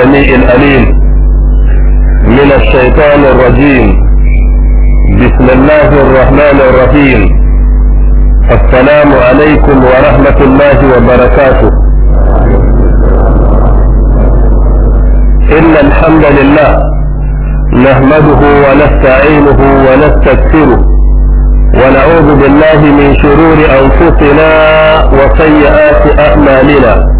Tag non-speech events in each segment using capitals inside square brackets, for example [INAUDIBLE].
السميع الأليم من الشيطان الرجيم بسم الله الرحمن الرحيم السلام عليكم ورحمة الله وبركاته إن الحمد لله نحمده ونستعينه ونستكثره ونعوذ بالله من شرور أنفسنا وسيئات أعمالنا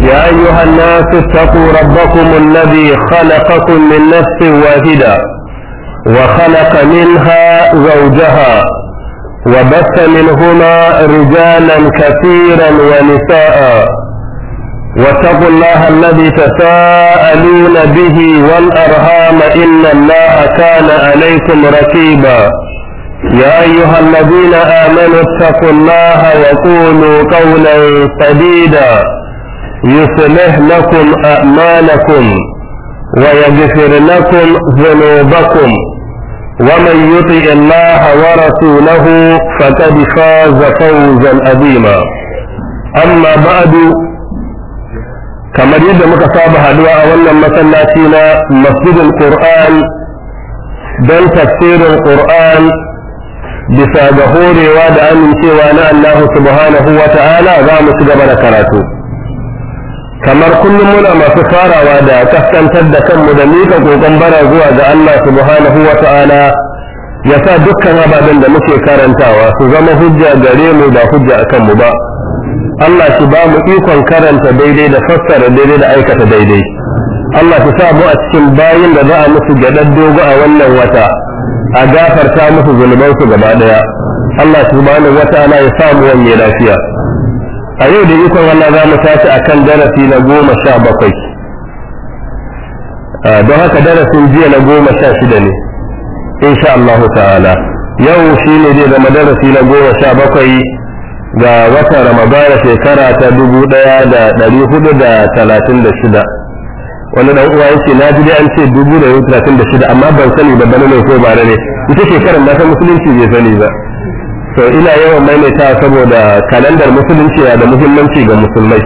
يا أيها الناس اتقوا ربكم الذي خلقكم من نفس واحدة وخلق منها زوجها وبث منهما رجالا كثيرا ونساء واتقوا الله الذي تساءلون به والأرهام إن الله كان عليكم رقيبا يا أيها الذين آمنوا اتقوا الله وقولوا قولا سديدا يصلح لكم أعمالكم ويغفر لكم ذنوبكم ومن يطع الله ورسوله فقد فاز فوزا عظيما أما بعد kamar yadda muka saba haduwa a wannan masallaci na masjidin Qur'an don tafsirin Qur'an bisa ga horewa da amincewa na Allah subhanahu wa ta'ala za mu ci gaba da karatu. kamar kullum muna masu farawa da kaskantar da kanmu da mika kokon bara zuwa ga Allah subhanahu wa ta'ala ya sa dukkan ababen da muke karantawa su zama hujja gare mu ba hujja akan mu ba Allah shi ba mu ikon karanta daidai da fassara daidai da aikata daidai Allah shi sa mu a cikin bayin da za a musu gadar dogo a wannan wata a gafarta musu zunubansu gaba daya Allah subhanahu wa ta'ala ya samu wani lafiya a yau da ikon Allah za mu tashi a kan darasi na goma sha bakwai don haka darasin jiya na goma sha shida ne insha Allah ta'ala yau shi ne zai zama darasi na goma sha bakwai ga watan ramadana shekara ta dubu ɗaya da ɗari hudu da talatin da shida wani dan uwa yake na ji an ce dubu da talatin da shida amma ban sani da bana ne ko bare ne ita shekarar da ta musulunci bai sani ba so ina yawan maimaita saboda kalandar musulunci na da muhimmanci ga musulmai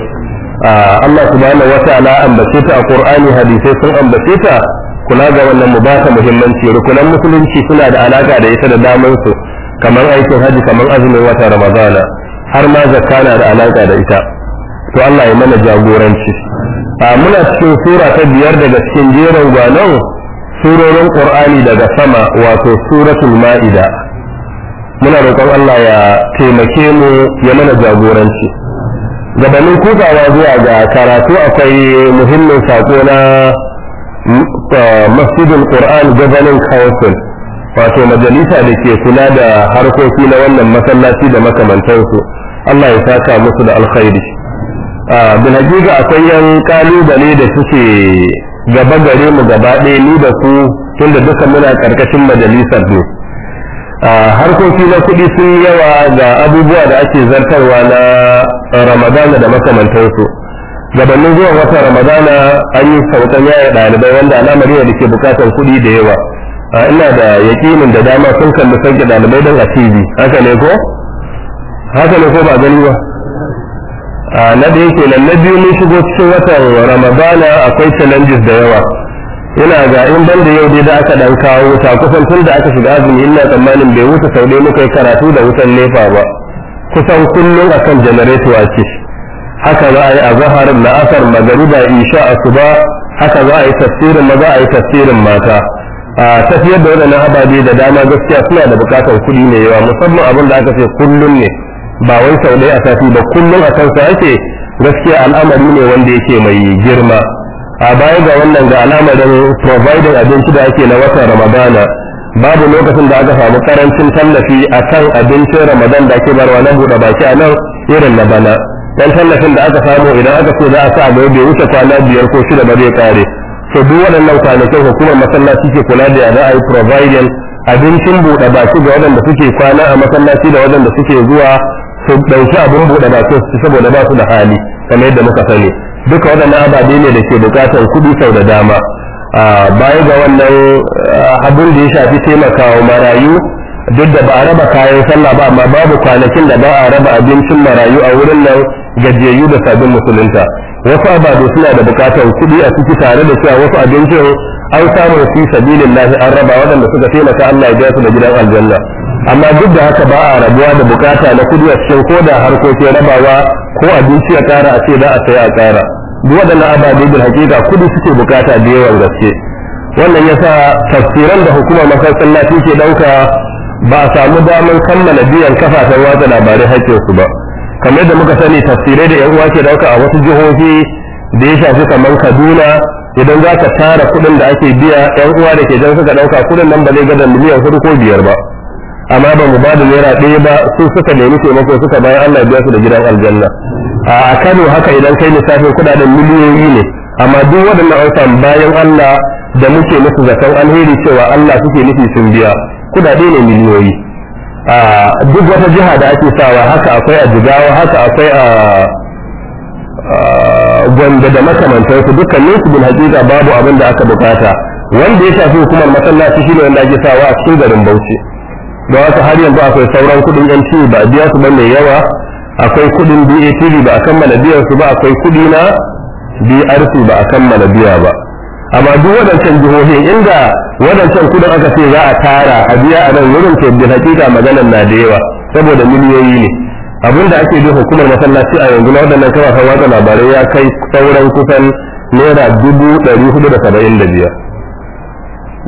ah, Allah subhanahu wata'ala ambace ta a Qur'ani hadisai sun ambace ta kula ga wannan mu ba muhimmanci rukunan musulunci suna da alaka da ita da daman su kamar aikin haji kamar azumin wata ramadana har ma zakka na da alaka da ita to Allah ya mana jagoranci ah, muna cikin sura ta biyar daga cikin jerin gwanon surorin Qur'ani daga sama wato suratul Ma'ida muna roƙon Allah ya taimake mu ya mana jagoranci gabanin kusawa zuwa ga karatu akwai muhimmin saƙo na mm, masjidin Qur'an gabanin Council wato majalisa da ke kula da harkoki na wannan masallaci da makamantansu Allah ya saka musu da alkhairi bin hakika akwai yan kalubale da suke gaba gare mu gaba ɗaya ni da ku tunda duka muna ƙarƙashin majalisar ne harkoki na kuɗi sun yawa ga abubuwa da ake zartarwa na ramadana da makamantansu gabanin zuwan wata ramadana an yi sautan yaya ɗalibai wanda alamar yau da ke bukatar kuɗi da yawa ina da yakinin da dama sun kalli sauke ɗalibai don a cibi, haka ne ko haka ne ko ba gani ba na da yake nan na biyu mun shigo cikin watan ramadana akwai challenges da yawa ina ga in ban da yau dai da aka dan kawo wuta kusan tun da aka shiga azumi ina tsammanin bai wuce sau dai muka yi karatu da wutan nefa ba kusan kullum akan janareto ce haka za a yi a zahar la'asar da isha ba haka za a yi tafsirin maza a yi tafsirin mata a tafiyar da wadannan ababe da dama gaskiya suna da bukatar kuɗi mai yawa musamman abin da aka ce kullum ne ba wai sau ɗaya a sati ba kullum a kansa ake gaskiya al'amari ne wanda yake mai girma a baya ga wannan ga al'amarin providing abinci da ake na watan ramadana babu lokacin da aka samu karancin tallafi a kan abincin ramadan da ake barwa na buɗe baki a nan irin na bana dan tallafin da aka samu idan aka so za a sa abu bai wuce kwana biyar ko shida ba zai kare so duk waɗannan kwanakin hukumar masallaci ke kula da yara a yi providing abincin buɗe baki ga waɗanda suke kwana a masallaci da waɗanda suke zuwa su ɗauki abin buɗe baki saboda ba su da hali kamar yadda muka sani duka waɗannan ababe ne da ke bukatar kuɗi sau da dama a baya ga wannan eh, abin da ya shafi taimakawa marayu duk da ba a raba kayan sallah ba amma babu kwanakin da ba a raba abincin marayu a wurin nan gajiyayyu da sabbin musulunta wasu ababe suna da bukatar kuɗi a ciki tare da cewa wasu abincin an samu fi lafi an raba waɗanda suka taimaka Allah ya su da gidan aljanna amma duk da haka ba a rabuwa da bukata na kudi a cikin ko da harkokin rabawa ko abinci ya kara a ce za a saya a kara duk waɗannan ababe bil hakika kudi suke bukata da yawan gaske wannan yasa tafsiran da hukumar masallaci ke dauka ba a samu damar kammala biyan kafafen watsa labarai su ba kamar da muka sani tafsirai da yan uwa ke dauka a wasu jihohi da ya shafi kamar kaduna idan za ka tara kuɗin da ake biya yan uwa da ke jan suka dauka kuɗin nan ba zai gada miliyan hudu ko biyar ba amma ba mu ba naira ɗaya ba su suka nemi taimako suka bayan Allah biya su da gidan aljanna a Kano haka idan kai lissafin kudaden miliyoyi ne amma duk waɗannan an samu bayan Allah da muke musu zaton alheri cewa Allah suke nufi sun biya kudade ne miliyoyi a duk wata jiha da ake sawa haka akwai a jigawa haka akwai a gwanda da makamantarsu dukkanin su bin hakika babu abin da aka bukata wanda ya shafi hukumar masallaci shine wanda ake sawa a cikin garin Bauchi da wasu har yanzu akwai sauran kudin MTU ba biya su ba mai yawa akwai kudin BATV ba a kammala biyan su ba akwai kudi na DRC ba a kammala biya ba amma duk waɗancan jihohi inda waɗancan kudin aka ce za a tara a biya a nan wurin ke da hakika maganar na da yawa saboda miliyoyi ne abin da ake bi hukumar masallaci a yanzu na waɗannan kafafen watsa labarai ya kai sauran kusan naira dubu ɗari hudu da saba'in da biyar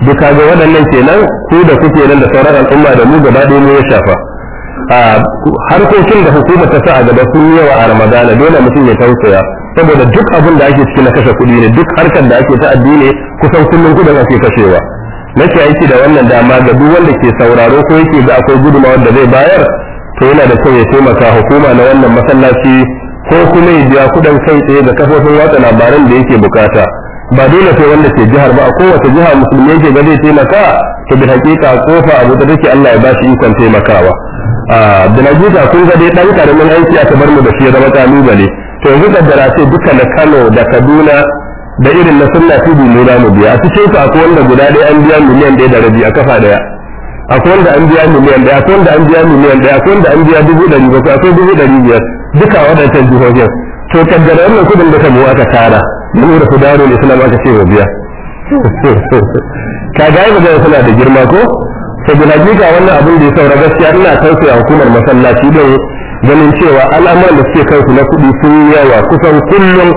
duka ga waɗannan kenan ku da kuke nan da sauran al'umma da mu gaba daɗi mu ya shafa harkokin da hukuma ta sa a gaba sun yi yawa a ramadana dole mutum ya tausaya saboda duk abin da ake ciki na kashe kuɗi ne duk harkar da ake ta addini kusan kullum kuɗin ake kashewa nake aiki da wannan dama ga duk wanda ke sauraro ko yake ga akwai guduma da zai bayar to yana da kyau ya taimaka hukuma na wannan masallaci ko kuma ya biya kuɗin kai tsaye ga kafofin watsa labaran da yake bukata ba dole sai wanda ke jihar ba a kowace jiha musulmi ke ga zai taimaka to bi hakika kofa abu da take Allah ya ba shi ikon taimakawa da na jita kun ga dai dan karamin aiki aka bar mu da shi zama kalubale to yanzu kaddara sai duka na Kano da Kaduna da irin na sunna tudu ne za mu biya su ce ka akwai wanda guda ɗaya an biya miliyan ɗaya da rabi a kafa ɗaya akwai wanda an biya miliyan ɗaya akwai wanda an biya miliyan ɗaya akwai wanda an biya dubu ɗari bakwai akwai dubu ɗari biyar duka waɗancan jihohin to kaddara wannan kudin da mu aka tara mun da daru ne suna maka ce wabiya ka ga yi magana suna da girma ko saboda jika wannan abin da ya saura gaskiya ina tausaya hukumar masallaci don ganin cewa al'amuran da suke kansu na kuɗi sun yi yawa kusan kullum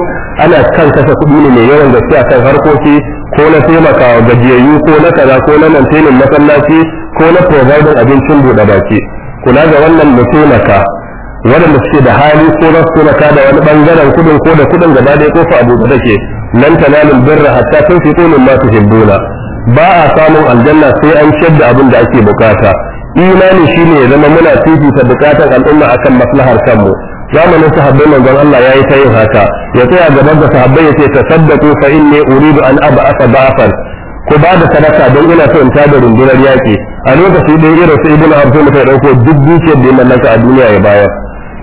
ana kan kasa kuɗi ne mai yawan gaskiya kan harkoki ko na taimaka wa gajiyayyu ko na kaza ko na mantenin masallaci ko na providing abincin buɗe baki kula ga wannan da taimaka waɗanda suke da hali ko za su taimaka da wani bangaren kudin ko da kudin gaba ɗaya kofa abu da take nan tanalul birra hatta tunfiqu masu tuhibbuna ba a samun aljanna sai an ciyar da abin da ake bukata imani shine ya zama muna fifita bukatan al'umma akan maslahar kanmu zamanin sahabbai manzon Allah ya yi ta yin haka ya tsaya gaban da sahabbai ya ce tasaddaqu fa inni uridu an ab'atha ba'fan ko ba da sadaka don ina so in tada rundunar yaki a lokaci da irin su ibnu abdul ta dauko duk dukiyar da ya mallaka a duniya ya bayar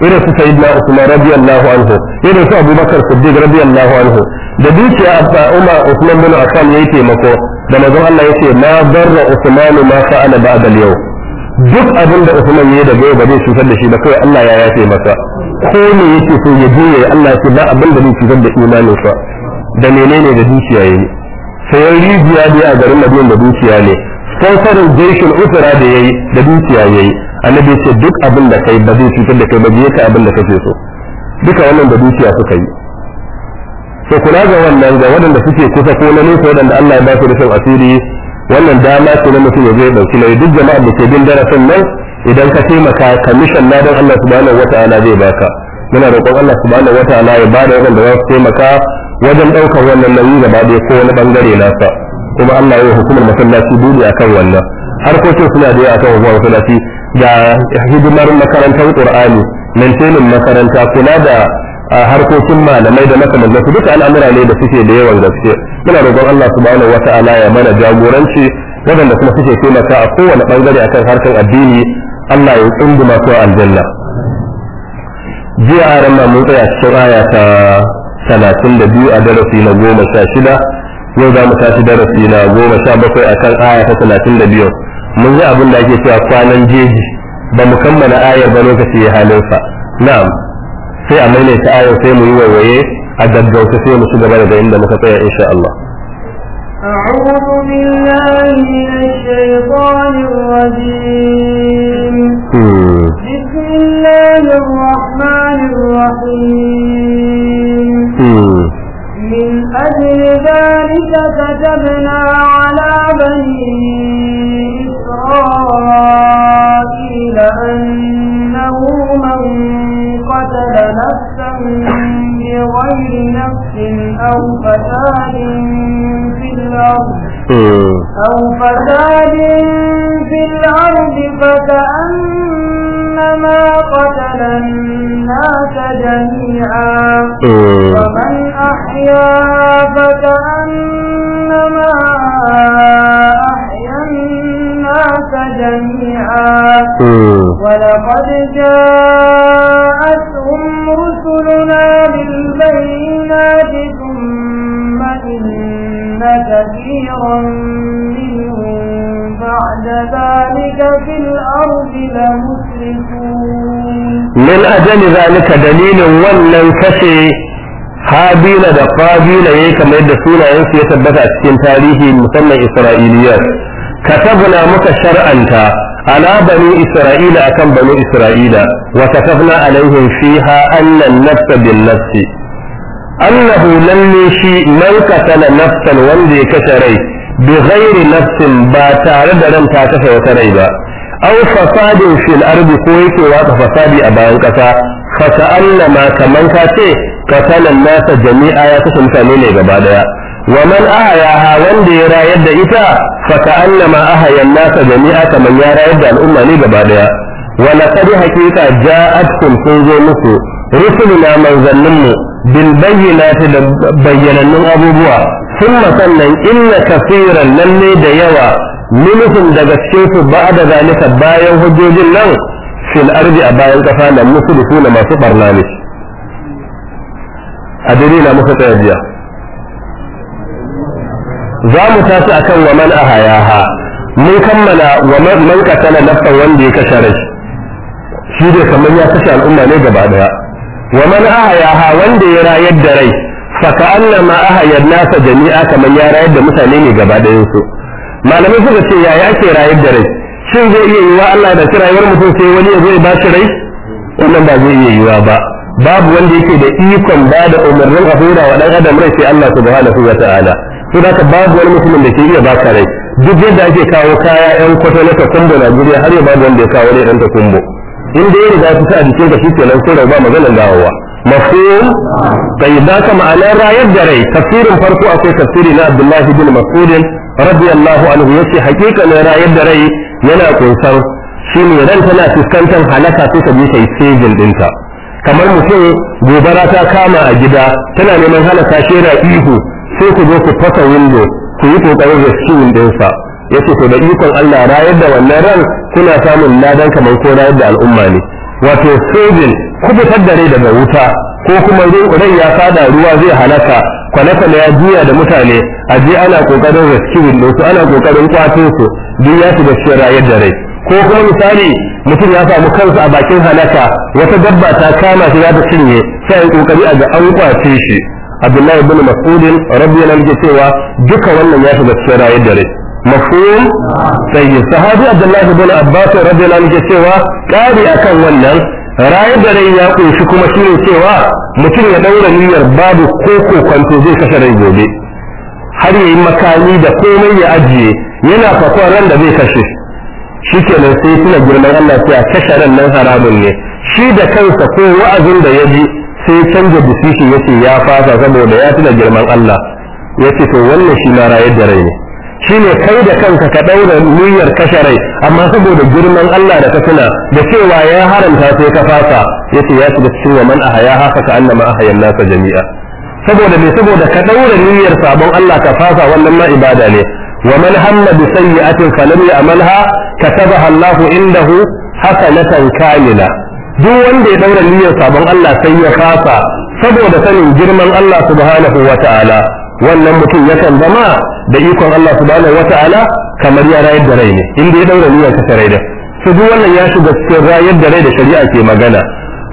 irin su sayyidina usman radiyallahu anhu irin su abubakar siddiq radiyallahu anhu da dukiya abba umar usman bin affan yayi taimako da manzon Allah yace ma darra usman ma fa'ala ba'da al-yawm duk abin da usman yayi daga yau ba zai cutar da shi ba kai Allah ya yafe masa ko me yake so ya je Allah yace ba abin da zai cutar da imanin sa da menene da dukiya yayi sai rijiya dai a garin Madina da dukiya ne sai sarin jeshin usra da yayi da dukiya yayi annabi ce duk abin da kai ba zai cutar da kai ba je ka abin da kake so duka wannan da dukiya suka yi to kula ga wannan ga waɗanda suke kusa ko na nesa waɗanda Allah ya ba su da shan asiri wannan dama ce na mutum ya zai dauki nauyi duk jama'a da ke bin darasin nan idan ka taimaka ka mishan na don Allah subhanahu wata'ala zai baka muna roƙon Allah subhanahu wata'ala ya bada waɗanda za su taimaka wajen ɗaukar wannan nauyi gaba ɗaya ko wani bangare nasa kuma Allah ya hukumar masallaci dole akan wannan harkokin suna da yawa akan hukumar masallaci da hidimar makarantar qur'ani maintainin makaranta kula da harkokin malamai da makamantar su duka al'amura ne da suke da yawan gaske muna roƙon Allah subhanahu wata'ala ya mana jagoranci waɗanda kuma suke taimaka a kowane bangare akan harkar addini Allah ya tsundu masu aljanna jiya a ranar mun tsaya cikin aya ta talatin da biyu a darasi na goma sha shida yau za mu tashi darasi na goma sha bakwai akan aya ta talatin da biyu mun yi abin da ake cewa kwanan jeji ba mu kammala ayar ba lokaci ya halinsa na'am sai a ta ayar sai mu yi waiwaye a gaggauta sai mu shiga da inda muka tsaya insha Allah أعوذ بالله من الشيطان الرجيم hmm. بسم الله الرحمن الرحيم hmm. من أجل ذلك كتبنا على بني قيل أنه من قتل نفسا بغير نفس أو فساد في الأرض أو فساد في الأرض فكأنما قتل الناس جميعا ومن أحيا فكأنما جميعا ولقد جاءتهم رسلنا بالبينات ثم إن كثيرا منهم بعد ذلك في الأرض لمسرفون من أجل ذلك دليل ولن كشي habila da fabila yayi kamar yadda sunayensu ya tabbata a cikin tarihi musamman katabna muka shar'anta ala bani isra'ila akan bani isra'ila wa katafna alaihim fiha anna an-nafsa bin nafsi annahu lalle shi man katala wanda ya kashe rai bihairi ghairi nafsin ba tare da ran ta kashe wata rai ba aw fasadin fil ardi ko yake wata fasadi a bayan kasa fa Allah kaman ka ce katalan nasa jami'a ya kashe mutane ne gaba ɗaya. wa man ahayaha wanda ya rayar da ita fa ka'annama ahayan nasa jami'a kamar ya rayar da al'umma ne gaba daya wa laqad ja ja'atkum sun zo musu muku rusuluna manzanninmu bil bayyinati da bayyanannun abubuwa thumma sannan inna kaseeran lalle da yawa minhum da gaske su ba ba'da zalika bayan hujjojin nan fil ardi a bayan kafa da musu da masu barna ne a na muka tsaya jiya za mu tashi akan wa man ahayaha mun kammala wa man qatala nafsan wanda ya kashe rai shi dai kamar ya kashe al'umma ne gaba daya wa man ahayaha wanda ya rayar da rai fa ka'annama ahayar nasa jami'a kamar ya rayar da mutane ne gaba dayan su malamai suka ce ya yake rayar da rai shin zai iya yiwa Allah da kirayar mutum sai wani ya zo ya ba shi rai wannan ba zai iya yiwa ba babu wanda yake da ikon ba da umarnin a hura wa dan adam rai sai Allah subhanahu wa ta'ala sai da babu wani mutumin da ke iya baka rai duk yadda ake kawo kaya yan kwato na takumbo Najeriya har ya babu wanda ya kawo rai dan takumbo in dai ya riga sa a jikin ka shi kenan sai rauba maganar dawowa mafhum kai da ka ma'anar rayar da rai tafsirin farko akwai tafsiri na Abdullahi bin Mas'ud radiyallahu anhu yace hakika ne rayar da rai yana kunsan shi ne ran tana fuskantar halaka sai ta je ta yi sejin dinta kamar mutum gobara ta kama a gida tana neman halaka shi ihu sai ku je ku fasa windo ku yi kokarin rescuing ɗinsa yace to da ikon Allah rayar da wannan ran kuna samun ladan kamar ko rayar da al'umma ne wato sojin kubutar da rai daga wuta ko kuma rai ya fada ruwa zai halaka kwale-kwale ya juya da mutane a je ana kokarin rescuing su ana kokarin kwato su duk ya shiga cikin rayar da rai ko kuma misali mutum ya samu kansa a bakin halaka wata dabba ta kama shi ya ta cinye sai a yi kokari a ga an kwace shi abdullahi ibn mas'ud radiyallahu anhu cewa duka wannan ya shiga cikin rayuwar dare mafhum sai sahabi abdullahi ibn abbas radiyallahu cewa kari akan wannan rayuwar dare ya ƙunshi kuma shine cewa mutum ya ɗaura niyyar babu ko kwanto zai kashe rai gobe har yayi makami da komai ya ajiye yana fakon ran da zai kashe shi kenan sai tuna girman Allah sai a kashe ran nan haramun ne shi da kansa ko wa'azin da ya ji sai canza decision ya ce ya fasa saboda ya tuna girman Allah ya ce to wannan shi na rayar da rai ne shi ne kai da kanka ka ɗaura niyyar kashe rai amma saboda girman Allah da ka tuna da cewa ya haramta sai ka fasa ya ce ya shiga cikin wa man ahaya haka ka annama ahayan nasa jami'a saboda me saboda ka ɗaura niyyar sabon Allah ka fasa wannan ma ibada ne wa man hamma bi sayyi'atin falam ya'malha katabaha Allahu indahu hasanatan kamila duk wanda ya daura niyyar sabon Allah sai ya kasa saboda sanin girman Allah subhanahu wa ta'ala wannan mutum yakan zama da ikon Allah subhanahu wa ta'ala kamar ya rayar da rai ne inda ya daura niyyar ka rai da su duk wannan ya shiga cikin rayar da rai da shari'a ke magana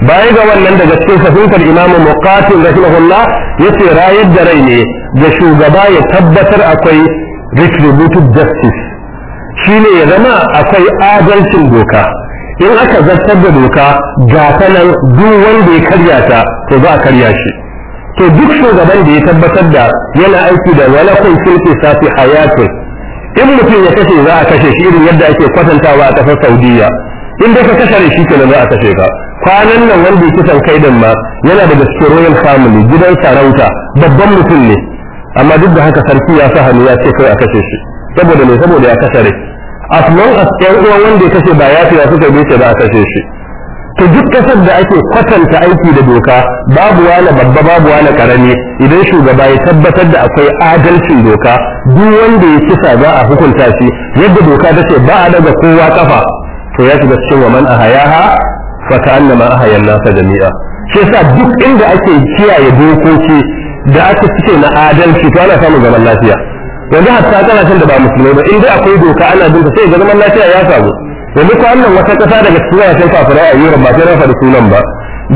baya ga wannan daga cikin fahimtar Imam Muqatil rahimahullah yace rayar da rai ne da shugaba ya tabbatar akwai retributive justice shine ya zama akwai adalcin doka in aka zartar da doka ga ta nan duk wanda ya karya ta to za a karya shi to duk shugaban da ya tabbatar da yana aiki da walakun filki safi hayatun in mutum ya kashe za a kashe shi irin yadda ake kwatantawa a kasar saudiya in dai ka kashe shi kenan za a kashe ka kwanan nan wanda ya kisan kaidan ma yana da cikin royal family gidan sarauta babban mutum ne amma duk da haka sarki ya sa hannu ya ce kai a kashe shi saboda me saboda ya shi a long as uwan wanda ya kashe ba ya fiya suka bi shi ba a kashe shi to duk kasar da ake kwatanta aiki da doka babu wani babba babu wani karami idan shugaba ya tabbatar da akwai adalcin doka duk wanda ya kisa za a hukunta shi yadda doka ta ce ba a daga kowa kafa to ya shiga cikin man a hayaha fa ta annama a hayan nasa jami'a shi yasa duk inda ake kiyaye dokoki da aka cike na adalci to ana samun zaman lafiya yanzu hatta kasashen da ba musulmai ba in dai akwai doka ana bin ta sai ga zaman lafiya ya samu yanzu ko annan wata kasa daga cikin kasashen kafirai a Europe ba sai rafa da sunan ba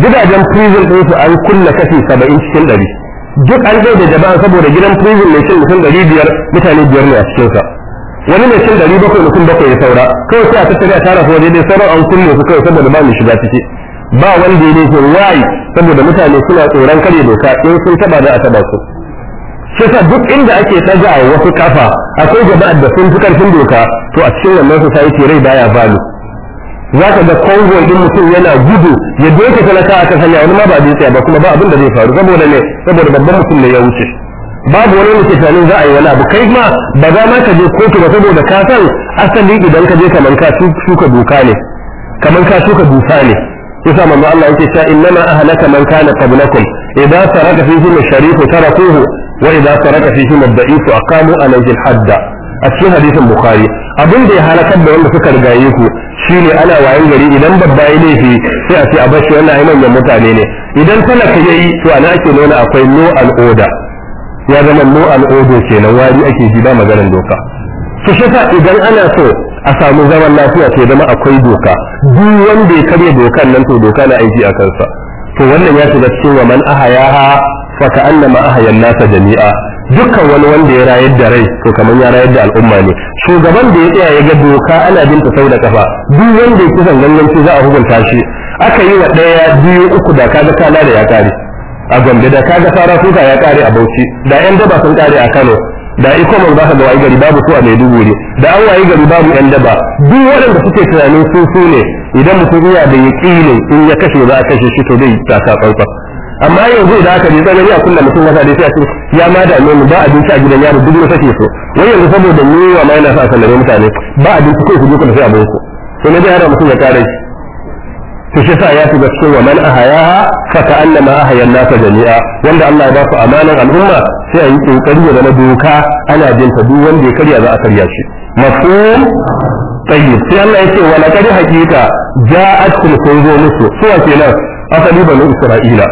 gidajen prison din su an kulla kashi 70 cikin 100 duk an da jama'a saboda gidan prison mai cin mutum 500 mutane biyar ne a cikin sa wani mai cin 700 mutum bakwai ya saura kawai sai a tattara ta tara waje dai sauran an kulle su kawai saboda ba mu shiga ciki ba wanda ya ne wai saboda mutane suna tsoron kare doka in sun taba da a taba su shi duk inda ake a wasu kafa akwai jama'ar da sun fi karfin doka to a cikin wannan ke rai baya balu za ka ga kongo din mutum yana gudu ya doke talaka a kan hanya wani ma ba zai tsaya ba kuma ba abin da zai faru saboda ne saboda babban mutum ne ya wuce babu wani mutum za a yi wani abu kai ma ba za ma ka je kotu ba saboda ka san asali idan ka je kamar ka shuka doka kamar ka shuka dusa ne yasa manzo Allah yake cewa innama ahlaka man kana qablakum idza saraka fihi al-sharif tarakuhu wa idza saraka fihi al-da'if aqamu alayhi al-hadd a cikin hadisin bukhari abin da ya halakar da wanda suka rigaye ku shine ana wayan gari idan babba ya laifi sai a ce a bashi wannan ai manyan mutane ne idan talaka yayi to ana ake nuna akwai no al-oda ya zama no al-oda kenan wari ake ji ba maganar doka su shi idan ana so a samu zaman lafiya to zama akwai doka duk wanda ya karya dokan nan to doka na aiki a kansa to wannan ya shiga cikin wa man ahayaha fa ka'annama ahayan nasa jami'a dukkan wani wanda ya rayar da rai to kamar ya rayar da al'umma ne shugaban da ya tsaya ya ga doka ana binta sau da kafa duk wanda ya kisan ganganci za a hukunta shi aka yi wa ɗaya biyu uku da kaga kala da ya kare a gombe da kaga fara suka ya kare a bauchi da yan daba sun kare a kano da ikoman za ka ga wayi gari babu su a ne da an wayi gari babu yan daba duk waɗanda suke tunanin sun su ne idan mutum iya da yaƙinin in ya kashe za a kashe shi to zai taka tsantsa amma yanzu idan aka je tsanani a kullum mutum wata da sai a ce ya ma da mu ba abinci a gidan yaro duk na sake su, wai yanzu saboda nuna wa ma yana sa a sallame mutane ba abinci kai duka da sai a bai su, sai na biya hada mutum ya kare shi to shi yasa ya shiga cikin waman ahaya fa ka annama ahaya nasa jami'a wanda Allah ya ba su amanan al'umma sai a yi kokari da na doka ana jin ta duk wanda ya karya za a karya shi mafhum tayyib sai Allah ya ce wala kadi hakika ja'atkum sun zo musu suwa kenan asali banu isra'ila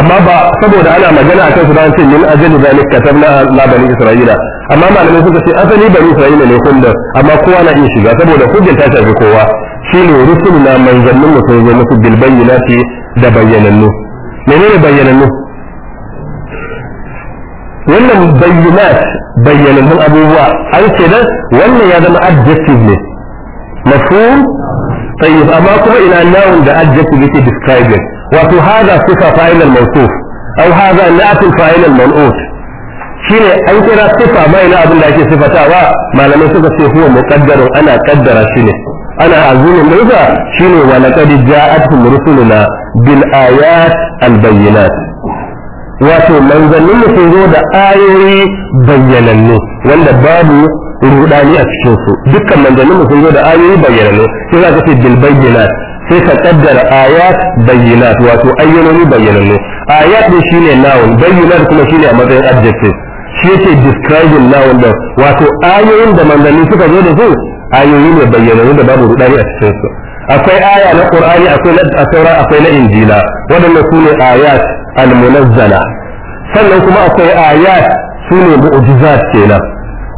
amma ba saboda ana magana akan su da ce min ajali zalik katabna la bani isra'ila amma malamai suka ce asali bani isra'ila ne kullum amma kowa na iya shiga saboda hujjar ta shafi kowa shine rusuluna manzannin mu sai zo musu na bayyinati da bayyanannu menene bayyanannu wannan bayyinat bayyanannun abubuwa an ce da wannan ya zama adjective ne mafhum tayyib amma kuma ina noun da adjective yake describing wato hada sifa fa'il al-mawsuf aw hada na'at fa'il al-man'ut shine an kira sifa mai na abin da ake sifatawa malamai suka ce huwa muqaddarun ana kaddara shi ne ana azumin nasa shine wa laqad ja'atuhum rusuluna bil ayat al bayyinat wato manzannin mu sun zo da ayoyi bayyananne wanda babu rudani a cikin su dukkan manzannin mu sun zo da ayoyi bayyananne sai za ka ce bil bayyinat sai ka kaddara ayat bayyinat wato ayyanoni bayyanannu ayat ne shine noun bayyinat kuma shine a matsayin adjective shi yake describing noun da wato ayoyin da manzanni suka zo da su ayoyi ne bayyananu da babu rudani a cikin su akwai aya na qur'ani akwai na saura akwai na injila su ne ayat al-munazzala sannan kuma akwai ayat su sune mu'jizat kenan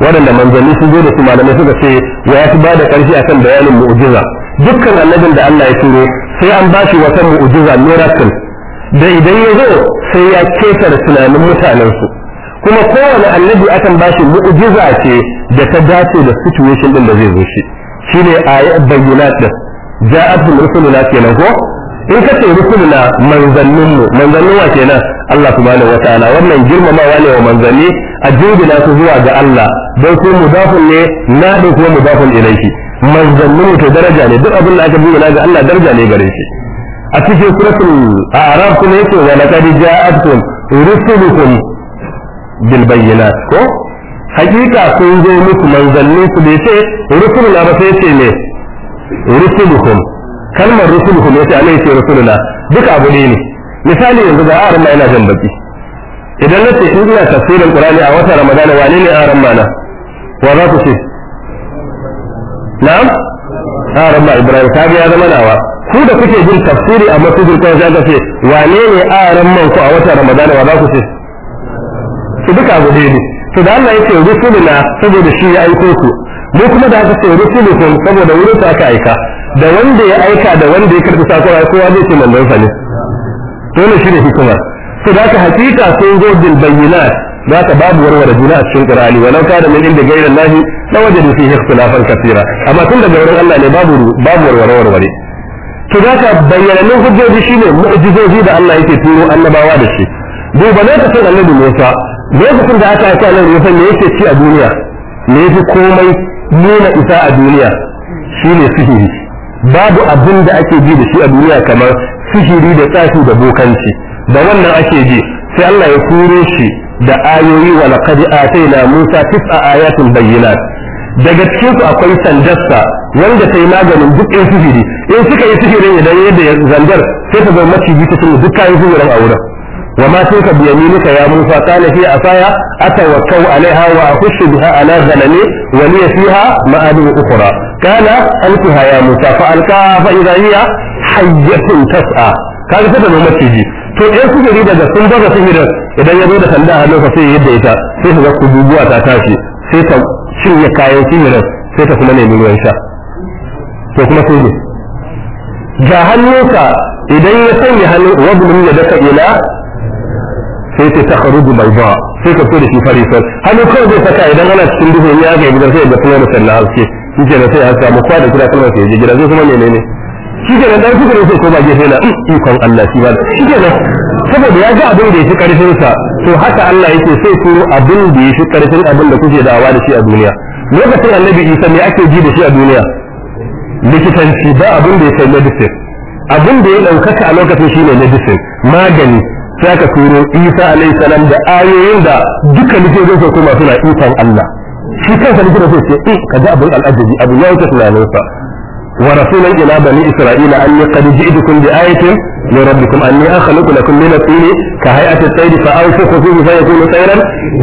wadanda manzanni sun zo da su malamai suka ce ya fi ba da karfi akan bayanin mu'jiza dukkan annabin da Allah ya turo sai an ba shi wata mu'jiza miracle da idan ya zo sai ya kesa da tunanin mutanensu kuma kowane annabi akan bashi mu'jiza ce da ta dace da situation din da zai zo shi shine ayat bayyinat da ja'atul rusuluna kenan ko in ka ce rusuluna manzannin mu manzannin wa kenan Allah subhanahu ta'ala wannan girmamawa ne wa manzanni a jingina su zuwa ga Allah don su mudafun ne na da kuma mudafun ilaihi manzannin mu to daraja ne duk abin da aka jingina ga Allah daraja ne gare shi a cikin suratul a'raf kuma yake wa laqad ja'atkum rusulukum bil ko hakika sun zo musu manzannin su bai ce rusuluna ba sai ce ne rusuluhum kalmar rusuluhum yace alai ce rusuluna duka abu ne ne misali yanzu ga aran ma yana jan baki idan na ce in ina tafsirin qur'ani a watan ramadan wane ne aran ma na wa za ku ce na'am aran ma ibrahim ta ya zama nawa ku da kuke jin tafsiri a masjidin kawai za ce wane ne aran man ku a watan ramadan wa za ku ce su duka abu ɗaya ne to da Allah yake rusulina saboda shi ya aiko su mu kuma da aka ce rusulukum saboda wurin ta aka aika da wanda ya aika da wanda ya karɓi sako ai kowa zai ce manzon sa ne dole shi ne hikimar to da aka hakika sun zo bil bayyinat da aka babu warware juna a cikin qur'ani walau kana min inda ghayra Allah la wajadu fihi ikhtilafan kathira amma tun daga wurin Allah ne babu babu warware warware to da aka bayyana hujjoji shine mu'jizoji da Allah yake turo annabawa da shi duba lokacin annabi Musa lokacin da aka aika annabi Musa ne yake ci a duniya ne yake komai nuna isa a duniya shine sihiri babu abin da ake ji da shi a duniya kamar sihiri da tsafi da bokanci da wannan ake ji sai Allah ya kure shi da ayoyi wa laqad atayna Musa tis'a ayatin bayyinat daga cikin su akwai sandarsa wanda ta yi maganin duk in sihiri in suka yi sihirin idan yadda zandar sai ta zama maciji ta duk kayan sihirin a wurin وما تلك بيمينك يا موسى قال هي عصاي اتوكل عليها واخش بها على غنمي ولي فيها مآدب اخرى قال القها يا موسى فالقاها فاذا هي حية تسعى kaga sai da maciji to ɗan su gari daga sun baza sihirin idan ya zo da sanda lokaci sai yadda ita sai su ga kububuwa ta tashi sai ta cinye kayan sihirin sai ta kuma nemi ruwan sha to kuma sai ne ga hannunka idan ya sanya hannu wajen ya daka ila sai ta ta kharuju bai ba sai ka fito da shi fari sai hannu kawai zai saka idan ana cikin duhu ya ga gidan sai ga kuma da haske shi ke da sai ya samu kwa da kira kalmar sai ya gida zai kuma ne shi ke da dan kuka sai ko ba sai na hmm, ikon Allah shi ba shi ke saboda ya ga abin da ya fi karfin sa to haka Allah yake sai ku abin da ya fi karfin abin da kuke da'awa da shi a duniya lokacin annabi Isa me ake ji da shi a duniya likitanci ba abin da ya kai medicine abin da ya ɗaukaka a lokacin shi ne medicine magani sai aka turo isa alaihi salam da ayoyin da duka littafin sun koma suna isan allah shi kansa littafin sai ce eh kaga abin al'ajabi abin ya wuce tunaninsa ورسولا إلى بني إسرائيل أني قد جئتكم بآية من ربكم أني أخلق لكم من الطين كهيئة الطير فأنفخ فيه فيكون طيرا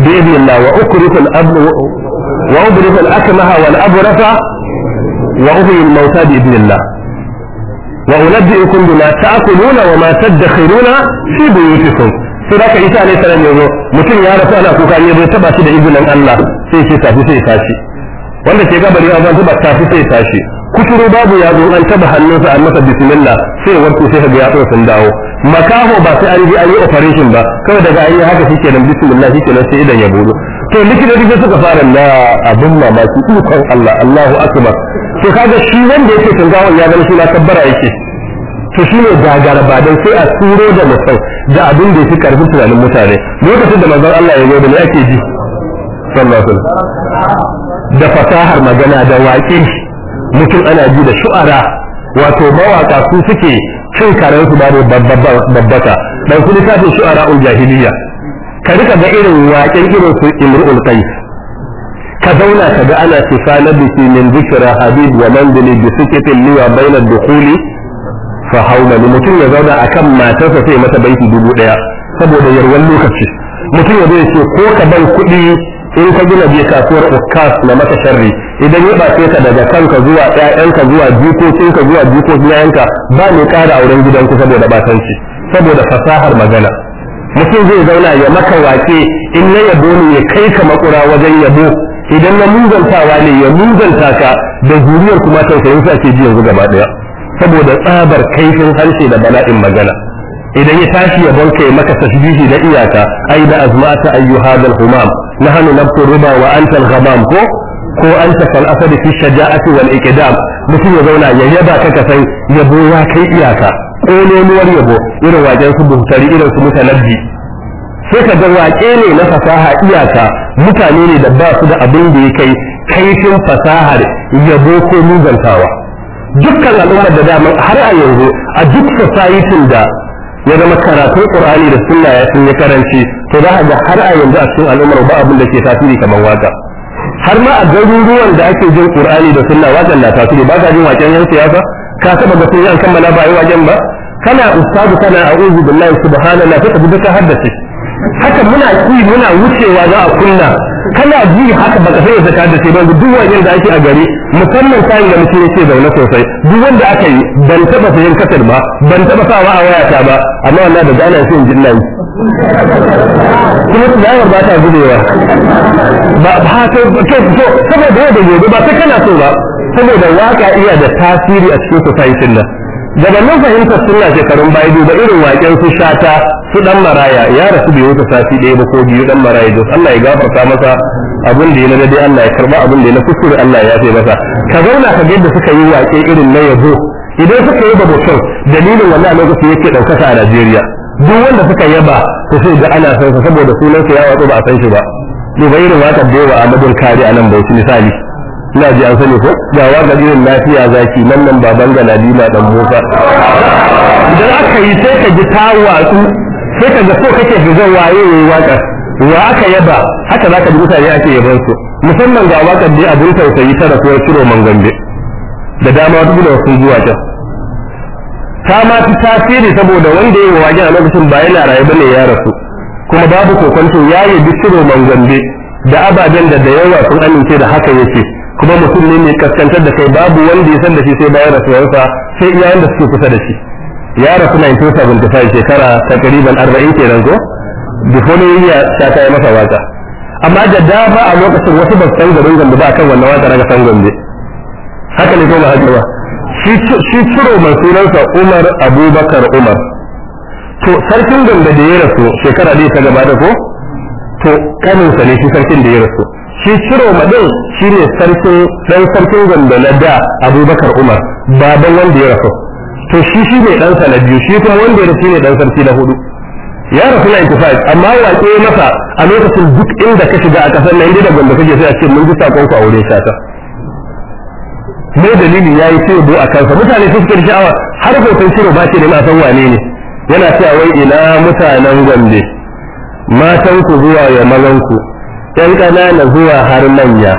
بإذن الله وأكرف الأب وأبرف الأكمه والأبرص وأحيي الموتى بإذن الله wa unabbi'ukum bima ta'kuluna wa ma tadakhiruna fi buyutikum sai da ka isa alaihi salam yazo mutum ya rasu ana kuka ne bai taba shi da izinin Allah sai sai tafi sai tashi wanda ke gabari a zan zuba tafi sai tashi kuturu babu ya zo an taba hannunsa an masa bismillah sai warko sai ga yatsun sun dawo makaho ba sai an ji an yi operation ba kawai daga an yi haka shi kenan bismillah shi kenan sai idan ya bulu to likitoci sai suka fara na abin mamaki ikon Allah Allahu akbar to kaga shi wanda yake wa ya zama suna tabbara yake to shi ne gagara ba dan sai a tsoro da mutum da abin da yake karfin tunanin mutane lokacin da manzon Allah ya zo da yake ji sallallahu alaihi da fasahar magana da waƙe mutum ana ji da shu'ara wato mawaka su suke cin karen su ba da babbata dan su littafin shu'ara ul jahiliya ka rika ga irin waƙen irin su imrul qais ka zauna ka ga ana ce fa labisi min dhikra habib wa mandili bi sukitin liwa bayna dukhuli fa hawlani mutum ya zauna akan matarsa sai mata baiki dubu daya saboda yarwan lokaci mutum ya zai ce ko ka ban kuɗi in ka gina je kasuwar ukkas na mata sharri idan ya bace ka daga kanka zuwa ƴaƴanka zuwa ka zuwa jikokin ƴaƴanka ba ne kara auren ku saboda batanci saboda fasahar magana mutum zai zauna ya maka wake in na yabo ne ya kai ka makura wajen yabo idan na muzantawa ne ya muzanta ka da zuriyar kuma tausayin sa ke ji yanzu gaba daya saboda tsabar kaifin harshe da bala'in magana idan ya tashi ya banka ya maka tashbihi da iyaka ai da azmata ayyuhadal humam nahnu nabtu riba wa anta al-ghamam ko ko anta kal asad fi shaja'ati wal iqdam mutum ya zauna ya yaba ka ka sai yabo ya kai iyaka ko nemuwar yabo irin wajen su bukari irin su mutanabbi sai ka ga waƙe ne na fasaha iyaka mutane ne da ba su da abin da ya kai kaifin fasahar yabo ko mugantawa dukkan al'ummar da dama har a yanzu a duk societin da ya zama karatun qur'ani da sunna ya sun ya karanci to za ga har a yanzu a cikin al'ummar ba abin da ke tasiri kamar waka har ma a garuruwan da ake jin qur'ani da sunna wajen na tasiri ba ka jin waken yan siyasa ka saba ga sun yi an kammala ba yi waken ba kana ustadu kana a'udhu billahi subhanallahi ta ka bi haddace haka muna ki muna wucewa za a kunna kana ji haka ba ka sai zakar da sai ba duk wajen da ake a gari musamman kayan da mutum yake zaune sosai duk wanda aka yi ban taba sayan kasar ba ban taba sawa a ta ba amma wallahi da gana sai in ji nayi kuma tsayawar ba ta gudewa ba ba ta to saboda yau da gobe ba sai kana so ba saboda waka iya da tasiri a cikin society nan gabanin fahimtar suna shekarun baya duba irin waken su shata su dan maraya ya rasu bai wuce sati ɗaya ba ko biyu dan maraya Duk Allah ya gafarta masa abin da ya na dai Allah ya karba abin da ya na kuskure Allah ya sai masa ka zauna ka ga yadda suka yi wake irin na yabo idan suka yi babo kyau dalilin wannan lokaci yake ɗaukaka a Najeriya duk wanda suka yaba ku sai ga ana san sa saboda sunansa ya watsu ba a san shi ba duba irin wakar da yawa a kare a nan bauchi misali ina ji an sani ko ga waka irin lafiya zaki nan nan baban ga na dan musa idan aka yi sai ka ji ta watsu sai ka ga so kake ga zan waye yayi waka wa aka yaba haka zaka ji mutane ake yaban su musamman ga waka dai abin tausayi ta rasuwar ciro mangambe da dama duk da sun zuwa can ta ma ta tasiri saboda wanda ya yi wajen a lokacin ba yana raye bane ya rasu kuma babu kokonto ya yi bi ciro mangambe da ababen da da yawa sun amince da haka yake kuma mutum ne mai kaskantar da kai babu wanda ya san da shi sai bayan rasuwarsa sai iyayen da suke kusa da shi ya rasu 1975 shekara ta kariban 40 kenan ko da following year ta kai masa waka amma da dama a lokacin wasu ba san garin gambe ba kan wannan waka daga san gambe haka ne ko ba haka ba shi ciro mai sunansa Umar Abubakar Umar to sarkin gambe da ya rasu shekara ne ta gaba da ko to kaninsa ne shi sarkin da ya rasu shi shiro maɗin shi ne sarkin ɗan sarkin gombe na da abubakar umar baban wanda ya rasu to shi shi ne ɗan na biyu shi kuma wanda ya rasu ne ɗan sarki na hudu ya rasu 95 amma waƙe masa a lokacin duk inda ka shiga a ƙasar na inda da kake sai a ce mun ji sakon ku wurin shata me dalili yayi ce do a kansa mutane su suke sha'awa har hoton ciro ba shi da ma wane ne yana cewa wai ina mutanen gombe matan ku zuwa ya malanku ku yan ƙanana zuwa har manya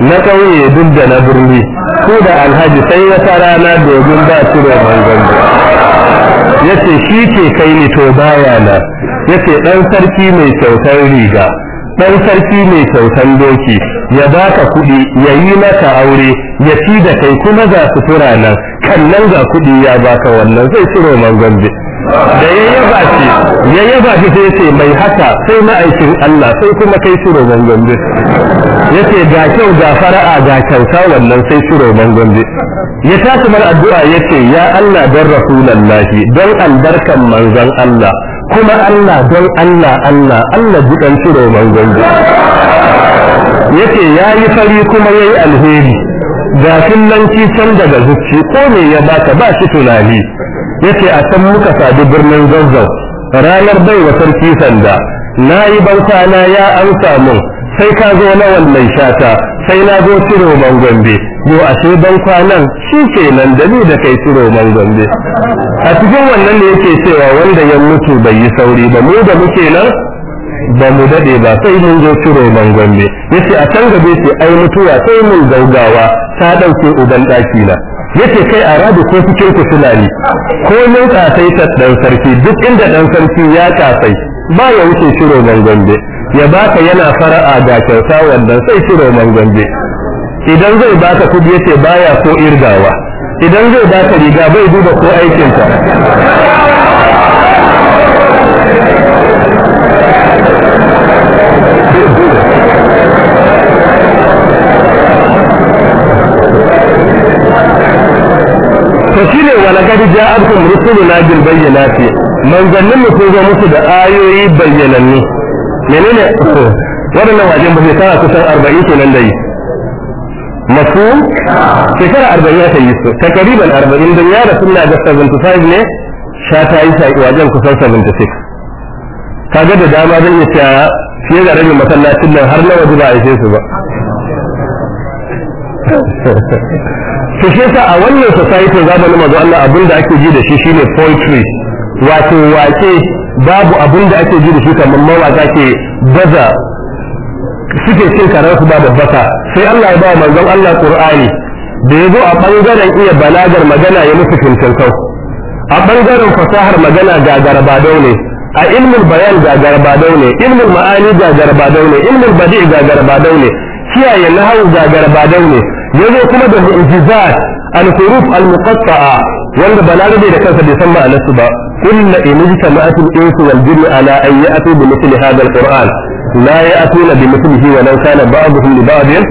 na ƙauye duk da na birni ko da alhaji sai wata rana domin ba su da manzanni ya shi ke kai ni to baya na yace ce ɗan sarki mai kyautar riga ɗan sarki mai kyautar doki ya baka kuɗi ya yi maka aure ya ci da kai kuma za su fura nan kan nan ga kuɗi ya baka wannan zai ciro manzanni da ya yaba shi ya yaba shi sai ce mai haka sai ma'aikin Allah sai kuma kai shiro gombe. yace ga kyau ga fara'a ga kyauta wannan sai shiro gombe. ya tashi mar addu'a yace ya Allah dan rasulullahi don albarkar manzon Allah kuma Allah don Allah Allah Allah buɗan shiro ce yace yayi fari kuma yayi alheri ga fillanci can daga zuci ko ne ya baka ba shi tunani yace a can muka sadi birnin zazzau ranar bai wa sarki sanda na yi bauta na ya amsa mun sai ka zo na wannan shata sai na zo ciro man gombe a ashe ban kwanan shi ke nan da ni da kai ciro man gombe a cikin wannan ne yake cewa wanda ya mutu bai yi sauri ba mu da muke nan ba mu dade ba sai mun zo ciro man gombe yace a can gabe ce ai mutuwa sai mun gaugawa ta dauke uban daki na yace kai a rabu ko cikin ku sulani ko mun kasai ta dan sarki duk inda dan sarki ya kasai ba ya wuce ciro man gombe ya baka yana fara'a ga kyauta wannan sai ciro man gombe idan zai baka kudi yace baya ko irgawa idan zai baka riga bai duba ko aikinka to shine wa laqad ja'akum rusuluna bil bayyinati manzannin mu sun zo musu da ayoyi bayyananni menene waɗannan wajen ba shekara kusan arba'in kenan da yi mafu shekara arba'in aka yi su ta kariban arba'in don da suna ga 75 ne sha ta yi sa'i, wajen kusan 76 ga da dama zan iya cewa ke da rabin masallacin nan har na waje ba a yi su ba su shi sa a wannan society zamanin manzo Allah abin da ake ji da shi shine poetry wato wake babu abin da ake ji da shi kamar mawaka ke baza suke cin karar su ba da baka sai Allah ya ba manzon Allah Qur'ani da ya zo a bangaren iya balagar magana ya musu fintinkau a bangaren fasahar magana ga garabadau ne a ilmin bayan ga garbadau ne ilmin ma'ani ga garbadau ne ilmin badi ga garbadau ne kiyaye nahawu ga garbadau ne yazo kuma da mu'jizat al-huruf al-muqatta'a wanda balarabe da kansa bai san ma'anarsu ba kullu inijtama'at al-insu wal jinni ala an ya'tu bi mithli hadha al-qur'an la ya'tuna bi mithlihi wa law kana ba'dhum li ba'din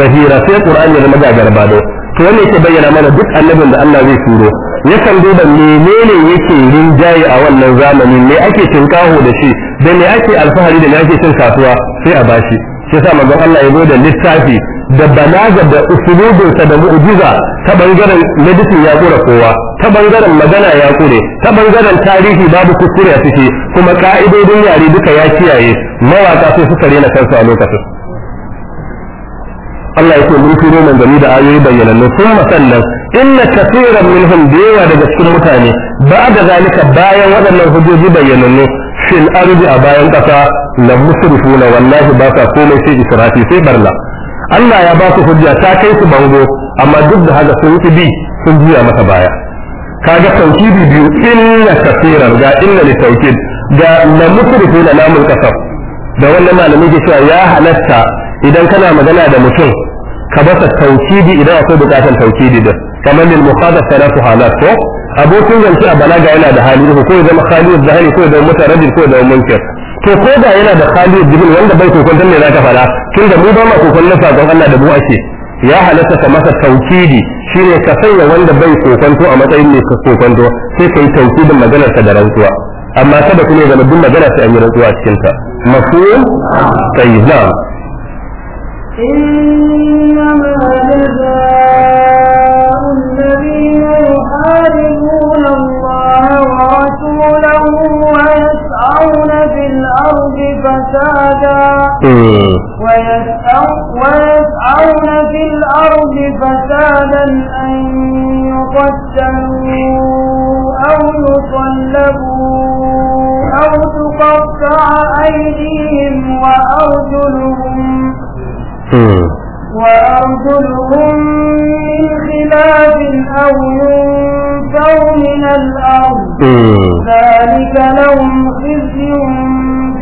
zahira sai qur'an ya zama ga garbadau to wannan yake bayyana mana duk annabin da Allah zai turo yakan duba menene yake rinjaye a wannan zamani me ake shinkaho da shi da me ake alfahari da me ake cin kasuwa sai a bashi shi sa manzon Allah ya zo da lissafi da balaga da usulubinsa da mu'jiza ta bangaren medicine ya kura kowa ta bangaren magana ya kure ta bangaren tarihi babu kuskure a ciki kuma ka'idodin yare duka ya kiyaye mawaka sai suka rena kansu a lokacin Allah ya ce mun kiro manzanni da ayoyi bayyanannu sun masallan inna kafiran minhum da daga cikin mutane ba da zalika bayan waɗannan hujjoji bayyanannu fil ardi a bayan ƙasa la musrifuna wallahi ba sa komai sai israfi sai barla Allah ya ba su hujja ta kai su bango amma duk da haka sun yi bi sun juya masa baya kaga tauhidi biyu inna kafiran ga inna li tawkid ga la musrifuna namun kasab da wannan malami ke cewa ya halatta idan kana magana da mutum ka ba basa tauhidi idan akwai bukatar tauhidi din kamar lil mukhadaf salatu halat ko abokin zance a balaga yana da hali ko ya zama khali da hali ko ya zama mutarajjil ko ya zama munkar to ko da yana da khali jibril wanda bai kokon dan ne zaka fara tunda mu ba ma kokon na sakon Allah da mu ake ya halatta ka masa tauhidi shine ka sanya wanda bai to a matsayin ne ka sai sai kai tauhidin maganar sa da rantsuwa amma kada kuma ya zama duk magana sai an yi rantsuwa a cikin ta mafhum tayyib إنما جزاء الأرض فسادا ويسعون في الأرض فسادا أن يقتلوا أو يصلبوا أو تقطع أيديهم وأرجلهم وأرجلهم من خلاف أو ينفوا من الأرض ذلك لهم خزي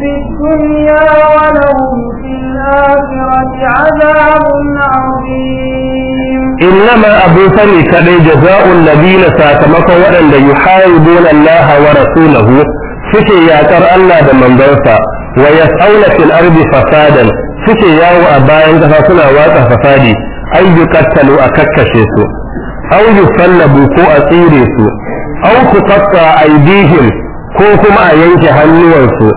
في الدنيا ولهم في الآخرة عذاب عظيم إنما أبو ثني كذي جزاء الذين ساتمكوا وأن يحاربون الله ورسوله suke yakar Allah da manzansa wa yas'auna fil ardi fasadan suke yawo a bayan kasa suna watsa fasadi ay yuqattalu a kakkashe su aw yusallabu ko a tsire su aw tuqatta aydihim ko kuma a yanke hannuwansu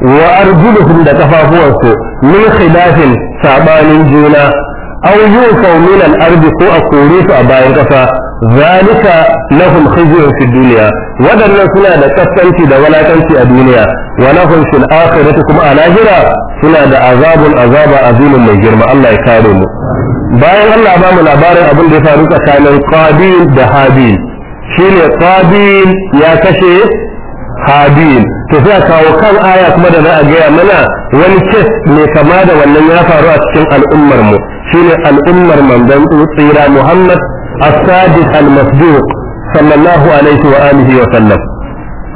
wa arjuluhum da ƙafafuwansu min khilafin sabanin juna aw yufaw min al-ardi ko a kore su a bayan kasa zalika lahum khizyun fi dunya wadannan suna da kaskanci da walakanci a duniya wa lahum fil akhirati kuma a lahira suna da azabun azaba azimin mai girma Allah ya kare mu bayan Allah ba mu labarin abin da ya faru tsakanin Qabil da Habil shine Qabil ya kashe habil to sai kawo kan aya kuma da za a gaya mana wani kes mai kama da wannan ya faru a cikin al'ummar mu shine al'ummar manzon tsira Muhammad as-sadiq al-masduq sallallahu alaihi wa alihi wa sallam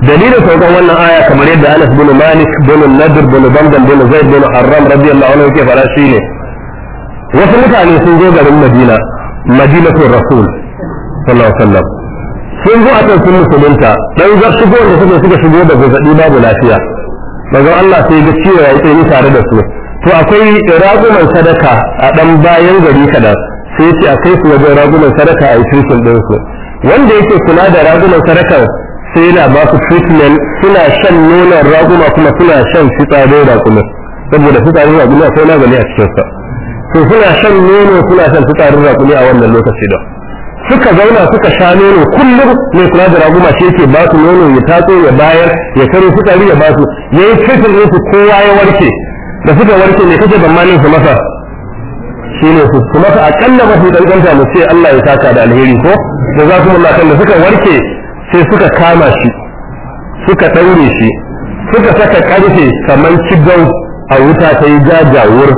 dalilin saukan wannan aya kamar yadda Anas bin Malik bin Nadir bin Bandan bin Zaid bin Arram radiyallahu anhu yake fara shine wasu mutane sun zo garin Madina Madinatul Rasul sallallahu alaihi wa sallam sun zo a kan sun musulunta dan za shigo da suka suka shigo da zazzabi babu lafiya daga Allah sai ga cewa ya yi tare da su to akwai ragunan sadaka a dan bayan gari kada sai ce a kai su wajen ragunan sadaka a yi tushen din su wanda yake kula da ragunan sadaka sai yana ba su treatment suna shan nonon raguna kuma suna shan fitsarin raguna saboda fitsarin raguna akwai gani a sa to suna shan nono suna shan fitsarin raguna a wannan lokaci da suka zauna suka sha nono kullum mai kula da raguma shi yake ba su nono ya tatso ya bayar ya karo fitsari ya ba su ya yi cikin su kowa ya warke da suka warke ne kake tsammanin su masa shi ne su su masa akalla ba su danganta mu ce Allah ya saka da alheri ko da za su mulla kan da suka warke sai suka kama shi suka daure shi suka saka karfe kamar cigau a wuta ta yi jajawur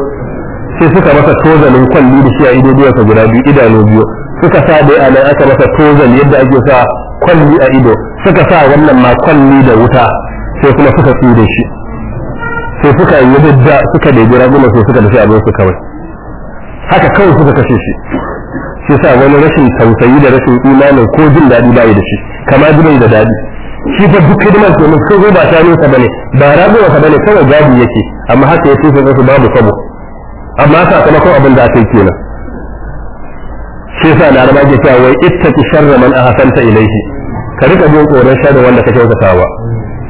sai suka masa tozalin kwalli da shi a idodiyarsa guda biyu idanu biyu suka sa dai a nan aka masa tozal yadda ake sa kwalli a ido suka sa wannan ma kwalli da wuta sai kuma suka da shi sai suka yi da suka daidai raguna sai suka da shi abin su kawai haka kawai suka kashe shi shi sa wani rashin tausayi da rashin imanin ko jin daɗi ba da shi kama jin da daɗi shi fa duk hidimar ke mun sun ba ta nesa bane ba rabuwa ka bane kawai gadi yake amma haka ya sun su babu sabo amma sakamakon abin da aka yi kenan shi yasa laraba ke cewa wai ittaqi sharra man ahsanta ilayhi ka rika jin tsoron sharri wanda ka wa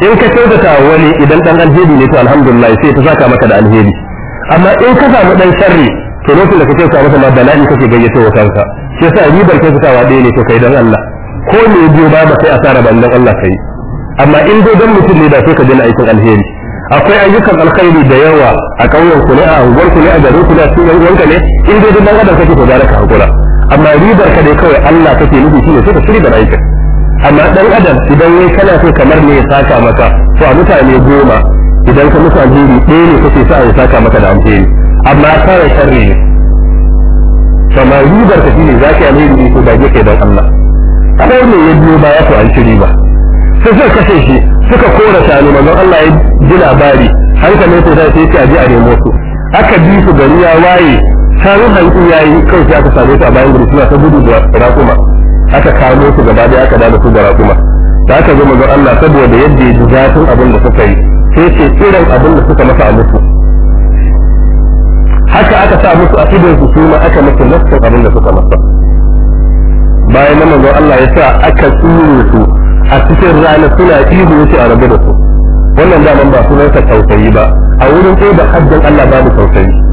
in ka kyautata wani idan dan alheri ne to alhamdulillah sai ta saka maka da alheri amma in ka samu dan sharri to lokacin da ka kyautata masa ma bala'i kake gayyato wa kanka shi yasa ribar kyautatawa ɗaya ne to kai dan Allah ko me biyo ba sai asara ban dan Allah kai amma in dai dan mutum ne da sai ka dena aikin alheri akwai ayyukan alkhairi da yawa a kauyen ku ne a unguwar ku ne a garin ku ne a cikin wanka ne in dai dan adam kake ko gara ka hakura amma ribar ka dai kawai Allah ke nufi ne sai ka shiri da rayuwa amma dan adam idan yayi kana so kamar ne ya saka maka to a mutane goma idan ka musu alheri ɗaya ne kake sa ya saka maka da amfani amma kawai sharri ne kamar ribar ka shine zaki alheri ne ko ba je kai dan Allah kadai ne ya biyo baya to an ci ba sai suka kashe shi suka kora shanu manzon Allah ya ji labari hankalin sai sai ya ce a je a nemo su aka bi su gari ya waye tarin hankin ya yi kai sai aka same su a bayan gari suna ta gudu da raƙuma aka kamo su gaba da aka dada su da raƙuma da aka zo manzon Allah saboda yadda ya ji zafin abin da suka yi sai ce irin abin da suka masa a musu haka aka sa musu a idon su su ma aka masa nafsin abin da suka masa bayan nan manzon Allah ya sa aka tsire su a cikin rana suna ihu yace a rabu da su wannan daman ba sunansa tausayi ba a wurin ɗaya da haddin Allah babu tausayi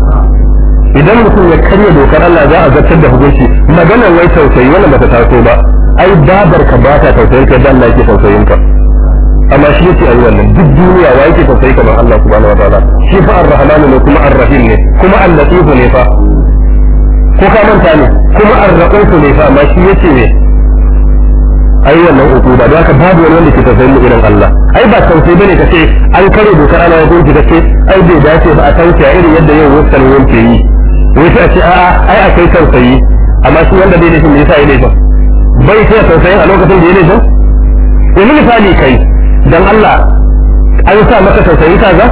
idan mutum ya karya dokar Allah za a zartar da hukunci maganar wai tausayi wannan ba ta taso ba ai babar ka ba ta tausayin ka Allah yake tausayin ka amma shi yake ayi wannan duk duniya wa yake tausayi kamar Allah subhanahu wa ta'ala shi fa ar-rahmanu ne kuma ar-rahim ne kuma al-latif ne fa ko ka manta ne kuma ar-raquf ne fa amma shi yake ne ai wannan ba da haka babu wani wanda ke tausayin mu irin Allah ai ba tausayi bane ka ce an kare dokar Allah ya gunki da ke ai bai dace ba a tausayi irin yadda yau wasu wanke yi wai sai a ce a'a ai kai tausayi amma shi wanda bai laifin me yasa ya laifin bai sai tausayin a lokacin da ya laifin yanzu misali kai dan Allah an sa maka tausayin kaza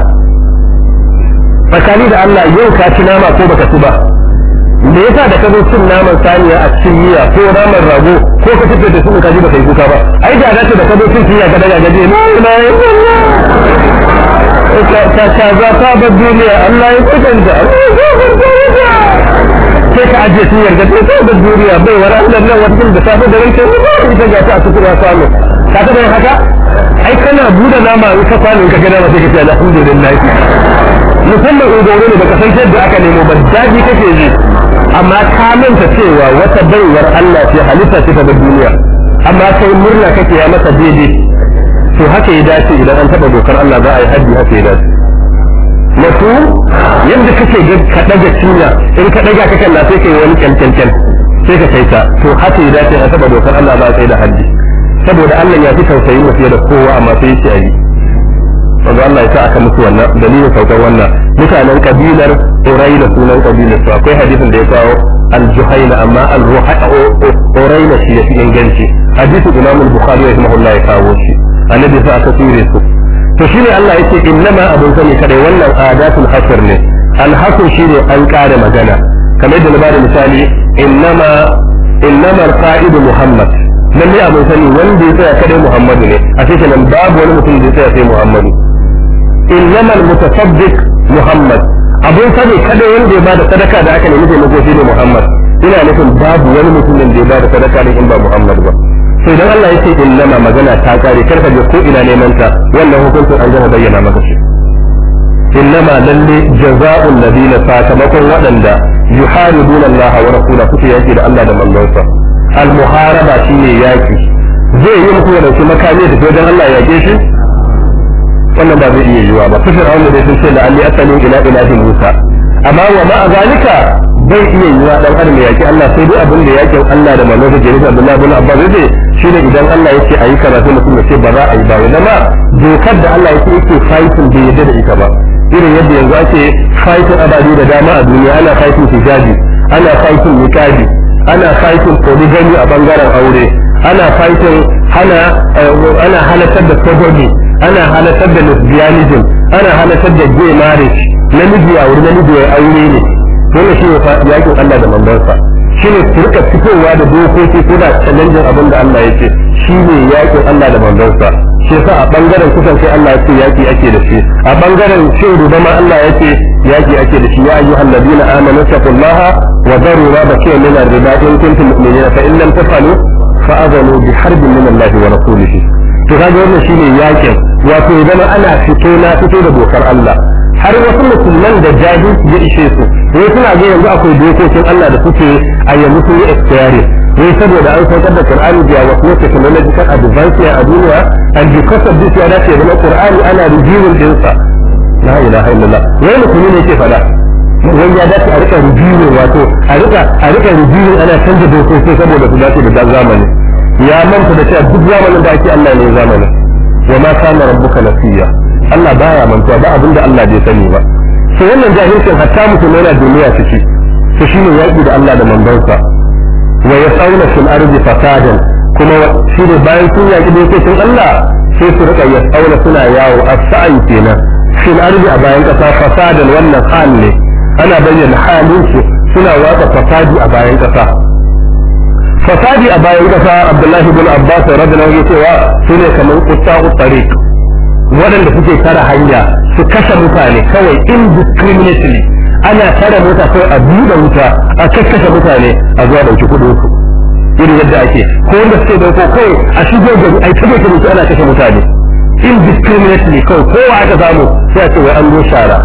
tsakani da Allah yau ka ci nama ko baka ci ba me yasa da ka zo cin naman saniya a cikin miya ko naman rago ko ka fitar da su in ka ji baka yi kuka ba ai da dace da ka zo cin miya gada gaje ne na ka ka za ta ba duniya Allah ya kudanta sai ka ajiye su yarda ta ta ba duniya bai wani Allah nan wata da safe da rance ita ga ta a su kuma samu ka ta bai haka ai kana buɗe nama in ka kwano in ka gada ba sai ka ce alhamdulillah musamman in gaure ne baka san yadda aka nemo ba daji kake yi. amma ka manta cewa wata baiwar Allah ce halitta ce ta duniya amma kai murna kake ya masa daidai to haka ya dace idan an taba dokar Allah za a yi haji haka ya dace yadda kake ka daga cinya in ka ɗaga ka sai kai wani kyankyankyan sai ka kai ta to haka ya dace a taba dokar Allah za a kai da haji saboda Allah ya fi tausayi mu fiye da kowa amma sai ya ce a yi wanda Allah ya sa aka mutu wannan dalilin saukar wannan mutanen kabilar Uraila sunan kabilar su akwai hadisin da ya kawo al-Juhayna amma al-Uraila shi ya fi inganci hadisin Imam al-Bukhari rahimahullah ya kawo shi annabi sa aka tsire su to shine Allah yake innama abun sani kadai wannan adatul hasr ne al-hasr shine an kare magana kamar da bada misali innama innama al-qa'id Muhammad lalle abun sani wanda ya tsaya kadai Muhammadu ne a cikin babu wani mutum da ya tsaya sai Muhammadu innamal mutasaddiq muhammad abun sani kada wanda ya bada sadaka da aka nemi taimako shi ne muhammad ina nufin babu wani mutumin da ya bada sadaka ne in ba muhammad ba sai dan Allah yake innama magana ta kare karka je ko ina neman ta wannan hukuncin an gama bayyana maka shi innama lalle jaza'ul ladina sakamakon waɗanda yuharibuna Allah wa rasulahu kuke yaki da Allah da manzonsa al muharaba shine yaki zai yi muku da shi makami da dan Allah ya yake shi wannan ba zai iya yiwa ba su fir'auna dai sun ce la alli asali ila ilahi musa amma wa ma'a zalika bai iya yiwa dan adam ya yaki Allah sai dai abin da yakin Allah da manzon Jibril Abdullah bin Abbas zai shine idan Allah yake ayi karatu mutum ya ce ba za a yi ba ya zama dokar da Allah yake yake fighting bai yadda da ita ba irin yadda yanzu ake fighting abadi da dama a duniya ana fighting hijabi ana fighting nikabi ana fighting polygamy a bangaren aure ana fighting hana eh, ana halatar da sojoji ana halatar da lesbianism ana halatar da gay marriage namiji ya wuri namiji ya aure ne dole shi ya yakin Allah da mandansa shi ne su rika fitowa da dokoki ko da challenging abin da Allah ya ce shi ne yakin Allah da mandansa shi yasa a bangaren kusan sai Allah ya ce yaki ake da shi a bangaren cin ruba ma Allah ya ce yaki ake da shi ya ayyuhal ladina amanu taqullaha wa daru ma bakiya min ar-riba in kuntum mu'minina fa in lam tafalu fa'adhanu bi harbin min Allah wa rasulihi to kaga wannan ne yakin wato ya zama ana fito na fito da dokar Allah har wasu musulman da su ya ishe su ne suna ga yanzu akwai dokokin Allah da suke a yanzu sun yi expiring saboda an saukar da Qur'ani da wasu ne technological advance a duniya and because of this ya dace zama Qur'ani ana reviewing dinsa la ilaha illallah wai musulmi ne ke fada wai ya dace a rika reviewing wato a rika a rika ana canza dokoki saboda su dace da zamani ya manta da cewa duk zamanin da ake Allah ne zamanin wa ma kana rabbuka nasiya Allah baya mantuwa ba abin da Allah bai sani ba to wannan jahilcin hatta mutum yana duniya ciki to shine yaƙi da Allah da manzansa wa yasawna fil ardi fasadan kuma shine bayan sun yaƙi da yake Allah sai su rika yasawna suna yawo a sai kenan fil ardi a bayan kasa fasadan wannan hal ana bayyana halin su suna watsa fasadi a bayan kasa fasadi a bayan kasa abdullahi ibn abbas radiyallahu anhu cewa sune kamar qutta tariq waɗanda suke tara hanya su kashe mutane kawai indiscriminately ana tara mota kawai a buɗe wuta a kakkashe mutane a zuwa ɗauki kuɗin su irin yadda ake ko wanda suke ko kai a shigo gari a ta gari ana kashe mutane indiscriminately kawai kowa aka samu sai a ce wai an zo shara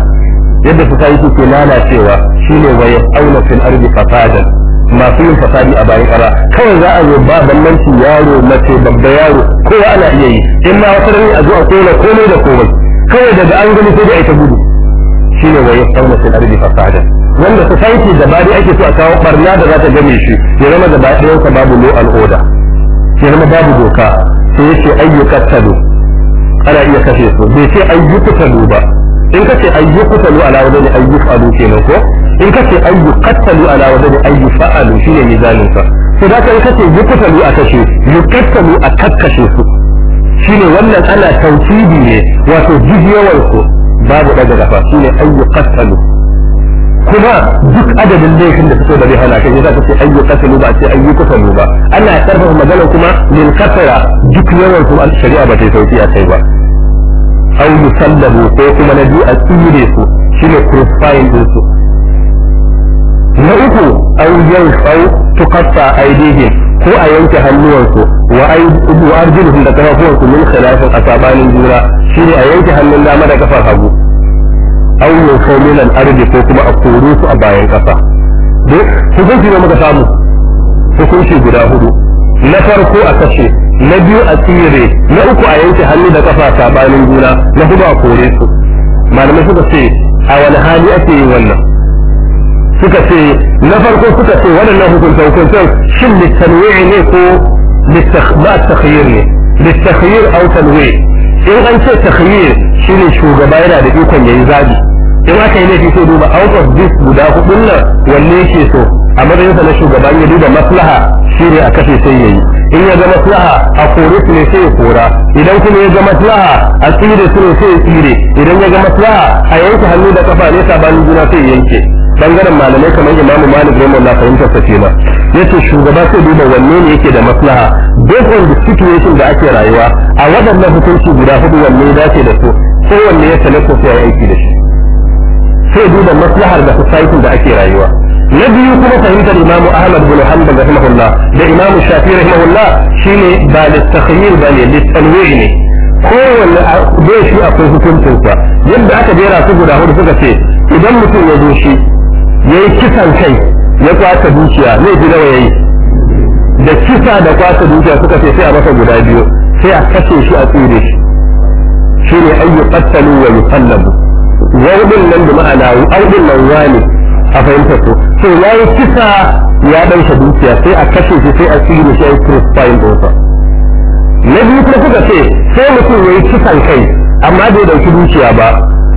yadda su ta yi suke lalacewa shine wa aunafin auna fasadan masu yin fasadi a bayan kara kawai za a zo ba bambanci yaro mace babba yaro kowa ana iya yi in ma wata rani a zo a kona komai da komai kawai daga an gani sai da ita gudu shine wa na fil ardi fasada wanda society da ba bari ake so a kawo barna da za ta gane shi ya zama da bayan sa babu law and order ya zama babu doka sai yace ayyukat tadu ana iya kashe su bai ce ayyukat tadu ba in ka kace ayyukat tadu ala wajen ayyukat tadu kenan ko in ka ce ayyu qattalu ala wajhi ayyu fa'alu shine mizanin sa to da in ka ce yuqtalu a kashe yuqtalu a kakkashe su Shi ne wannan ana tauhidi ne wato jijiyawar su babu daga gafa shine ayyu qattalu kuma duk adadin laifin da fito da bai hana kai yasa kace ayyu qattalu ba ce ayyu qatalu ba ana karfafa magana kuma lil kasara duk yawan su al shari'a ba ta sauki a kai ba au yusallabu ko kuma na biyu a tsire su shi ne crucifying din su na uku an yan sau tuqatta aidihim ko a yanke hannuwansu wa aidu arjuluhum da kafafuwansu min khilafin asabanin juna ne a yanke hannun dama da kafar hagu aw yusau min al-ardi ko kuma a kore su a bayan kasa duk hukunci ne muka samu hukunci guda hudu na farko a kashe na biyu a tsire na uku a yanke hannu da kafa sabanin juna na hudu a kore su malamai suka ce a wani hali ake yin wannan suka ce na farko suka ce waɗannan hukunta hukuntan shin littanwi'i ne ko ba takhyir ne littakhyir au tanwi in an ce takhyir shine shugaba yana da ikon yayi zabi in aka yi laifi sai duba out of this guda hudun nan wanne yake so a matsayinsa na shugaba ya duba maslaha shine a kashe sai yayi in ya ga maslaha a kore su ne sai ya kora idan kuma ya ga maslaha a tsire su ne sai ya tsire idan ya ga maslaha a yanke hannu da kafa ne sabanin juna sai ya yanke bangaren malamai kamar imamu malik rahimah na fahimtar sa kenan yace shugaba sai duba wanne ne yake da maslaha based on the situation da ake rayuwa a waɗannan hukunci guda hudu wanne ya dace da su sai wanne ya talaka sai ya aiki da shi sai duba maslahar da society da ake rayuwa na biyu kuma fahimtar imamu ahmad bin hanbal rahimahullah da imamu shafi rahimahullah shine ba litakhyir ba ne litanwir ne kowanne bai shi akwai hukuncinsa yadda aka jera su guda hudu suka ce idan mutum ya zo shi ya yi kisan kai ya kwata dukiya laifi nawa ya yi da kisa da kwata dukiya suka ce sai a masa guda biyu sai a kashe shi a tsere shi shi ne ayyu kattalu fattalu wa yi fallabu wa'udin nan da ma'ana wa'udin nan wani a fahimtar su sai ya yi kisa ya ɗauke dukiya sai a kashe shi sai a tsere shi a yi crucifying bauta na biyu kuma suka ce sai mutum ya yi kisan kai amma bai dauki dukiya ba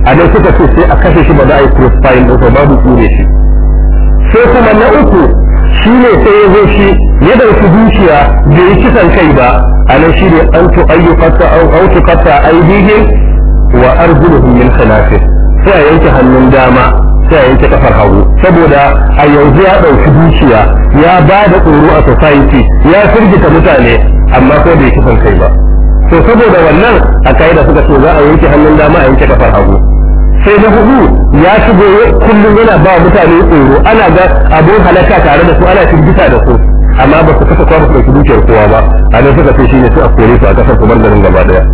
a dai suka ce sai a kashe shi ba za a yi crucifying bauta babu tsere shi sai kuma na uku shi ne sai ya zo shi ya ɗauki dukiya bai yi kisan kai ba a nan shi ne an to ayyukata an wa arjuluhum min khilafin sai a yanke hannun dama sai a yanke kafar hagu saboda a yanzu ya ɗauki dukiya ya ba da tsoro a society ya firgita mutane amma ko bai kisan kai ba to saboda wannan a da suka ce za a yanke hannun dama a yanke kafar hagu sai na hudu ya shigo kullum yana ba mutane tsoro ana ga abun halaka tare da su ana firgita da su amma ba su kasa kwafa ɗauki dukiyar kowa ba a nan suka ce shine su a kore su a kasar da garin gaba daya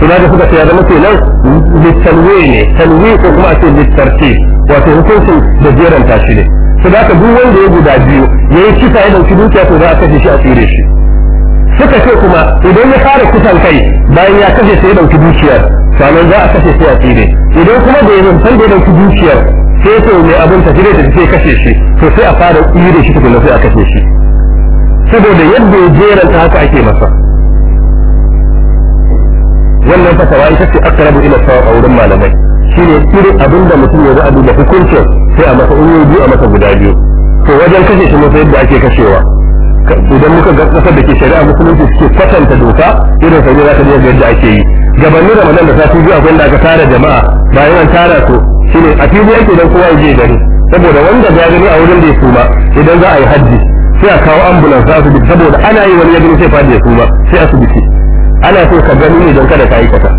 suna da suka ce ya zama nan littalwe ne talwe ko kuma a ce littarce wato hukuncin da jeranta shi ne su da duk wanda ya guda biyu ya yi kisa ya ɗauki dukiya to za a kashe shi a tsire shi suka ce kuma idan ya fara kusan kai bayan ya kashe sai dauki dukiyar sannan za a kashe sai a tsire idan kuma bai san da dauki dukiyar sai to mai abin tafi da sai kashe shi to sai a fara tsire shi tukuna sai a kashe shi saboda yadda ya ta haka ake masa wannan fatawa ita ce akrabu ila sawa a wurin malamai shine ne abin da mutum ya za da hukunci hukuncin sai a masa in biyu a masa guda biyu to wajen kashe shi masa yadda ake kashewa idan muka ga kasar da ke shari'a musulunci suke kwatanta doka irin sai za ka je ga yadda ake yi da ramadan da sati biyu akwai da aka tara jama'a bayan an tara su shine a fili yake dan kowa ya je gani saboda wanda ya gani a wurin da ya suma idan za a yi hajji sai a kawo ambulance za su bi saboda ana yi wani ya gani sai fadi ya suma sai asibiti ana so ka gani ne don kada ka yi kasa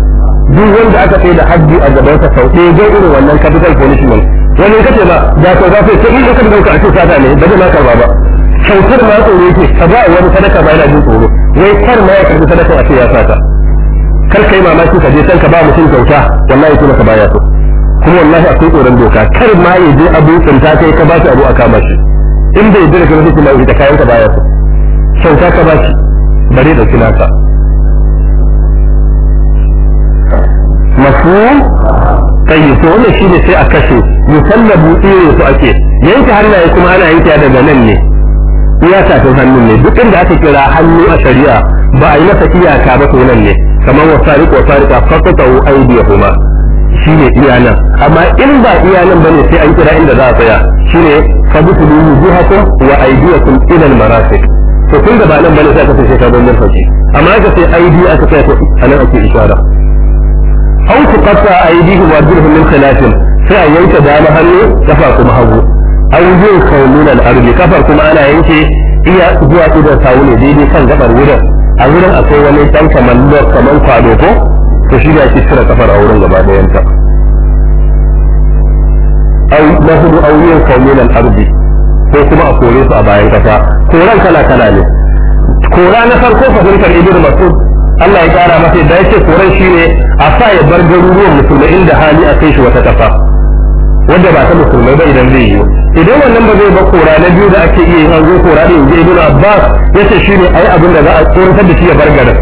duk wanda aka tsaye da hajji a gaban sa sau ɗaya zai irin wannan capital punishment wani kace ba da ko za su yi ta in ka dauka a ce sata ne ba zai ma karba ba kyautar ma tsoro yake ka ba wani sadaka ma yana jin tsoro wai kar ma ya karbi sadaka a ce ya sata kar kai mamaki ka je san ka ba mutum kyauta wallahi kuma ka baya so kuma wallahi akwai tsoron doka kar ma ya je abu tsinta kai ka ba shi abu a kama shi in bai jira kuma kuma ya kayan ka baya so kyauta ka ba shi bare da kinaka mafhum tayyib to wannan shine sai a kashe musallabu irin su ake yanke hannaye kuma ana yanke daga nan ne iya tafin hannun ne duk inda aka kira hannu a shari'a ba a yi masa iyaka ba to nan ne kamar wa sariq wa sariqa faqatu aydiyahuma shine iyanan amma in ba iyanan bane sai an kira inda za a tsaya shine fabtulu wujuhakum wa aydiyakum ila al-marafiq to tun da ba nan bane sai aka sai ka bambin fashi amma aka sai aidi aka sai to anan ake isharar aw tuqatta aydihim wa arjuluhum min khilafin sai a yanka dama hannu kafa kuma hagu aujin kaunin al'arbi kafar kuma ana yanke iya zuwa idan sawu ne daidai kan gabar wurin a wurin akwai wani dan kamar lor kamar kwado ko to shi ne ake cire kafar a wurin gaba ɗayanta na hudu auyin kaunin al'arbi ko kuma a kore su a bayan kasa koran kala kala ne kora na farko fahimtar ibn masud Allah ya kara masa da yake koran shi ne a sa ya bar garuruwan musulmai inda hali a kai shi wata kasa wanda ba ta musulmai ba idan zai yi idan wannan ba zai ba kora na biyu da ake iya yin an zo kora da yanzu ibnu abbas yace ne ai abin da za a tsoratar da shi ya bar garin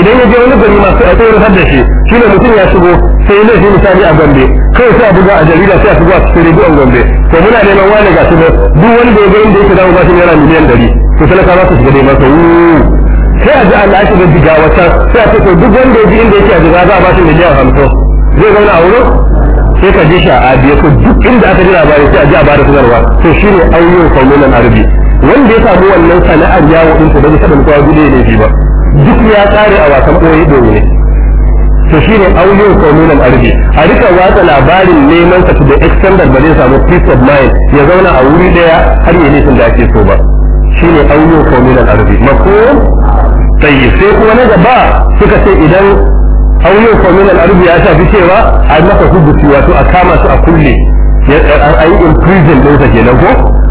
idan ya je wani gari masu a tsoratar da shi ne mutum ya shigo sai ne shi misali a gombe kai sai a buga a jarida sai a shigo a cikin rediyon gombe to muna neman wani ga shi ne duk wani da ya gani da yake damu ba shi naira miliyan dari to talaka za su shiga neman sa sai a ji Allah lashe da jigawa can sai a ce to duk wanda ya ji inda yake a jigawa za a ba shi miliyan hamsin zai zauna a wurin sai ka ji sha'abi ko duk inda aka ji labari sai a ji a bada sanarwa to shine ayyukan kaununan arabi wanda ya samu wannan sana'ar yawo din to da ta ban kawo gudu ne ba duk ya tsare a wasan boye doye ne to shine ayyukan kaununan arabi a rika watsa labarin neman sa da extended ba zai samu peace of mind ya zauna a wuri daya har ya nisan da ake so ba shine ayyukan kaununan arabi mako sai kuma na gaba suka ce idan aw yau fa min ya tafi cewa a maka hubusi wato a kama su a kulle a yi in prison din sa kenan ko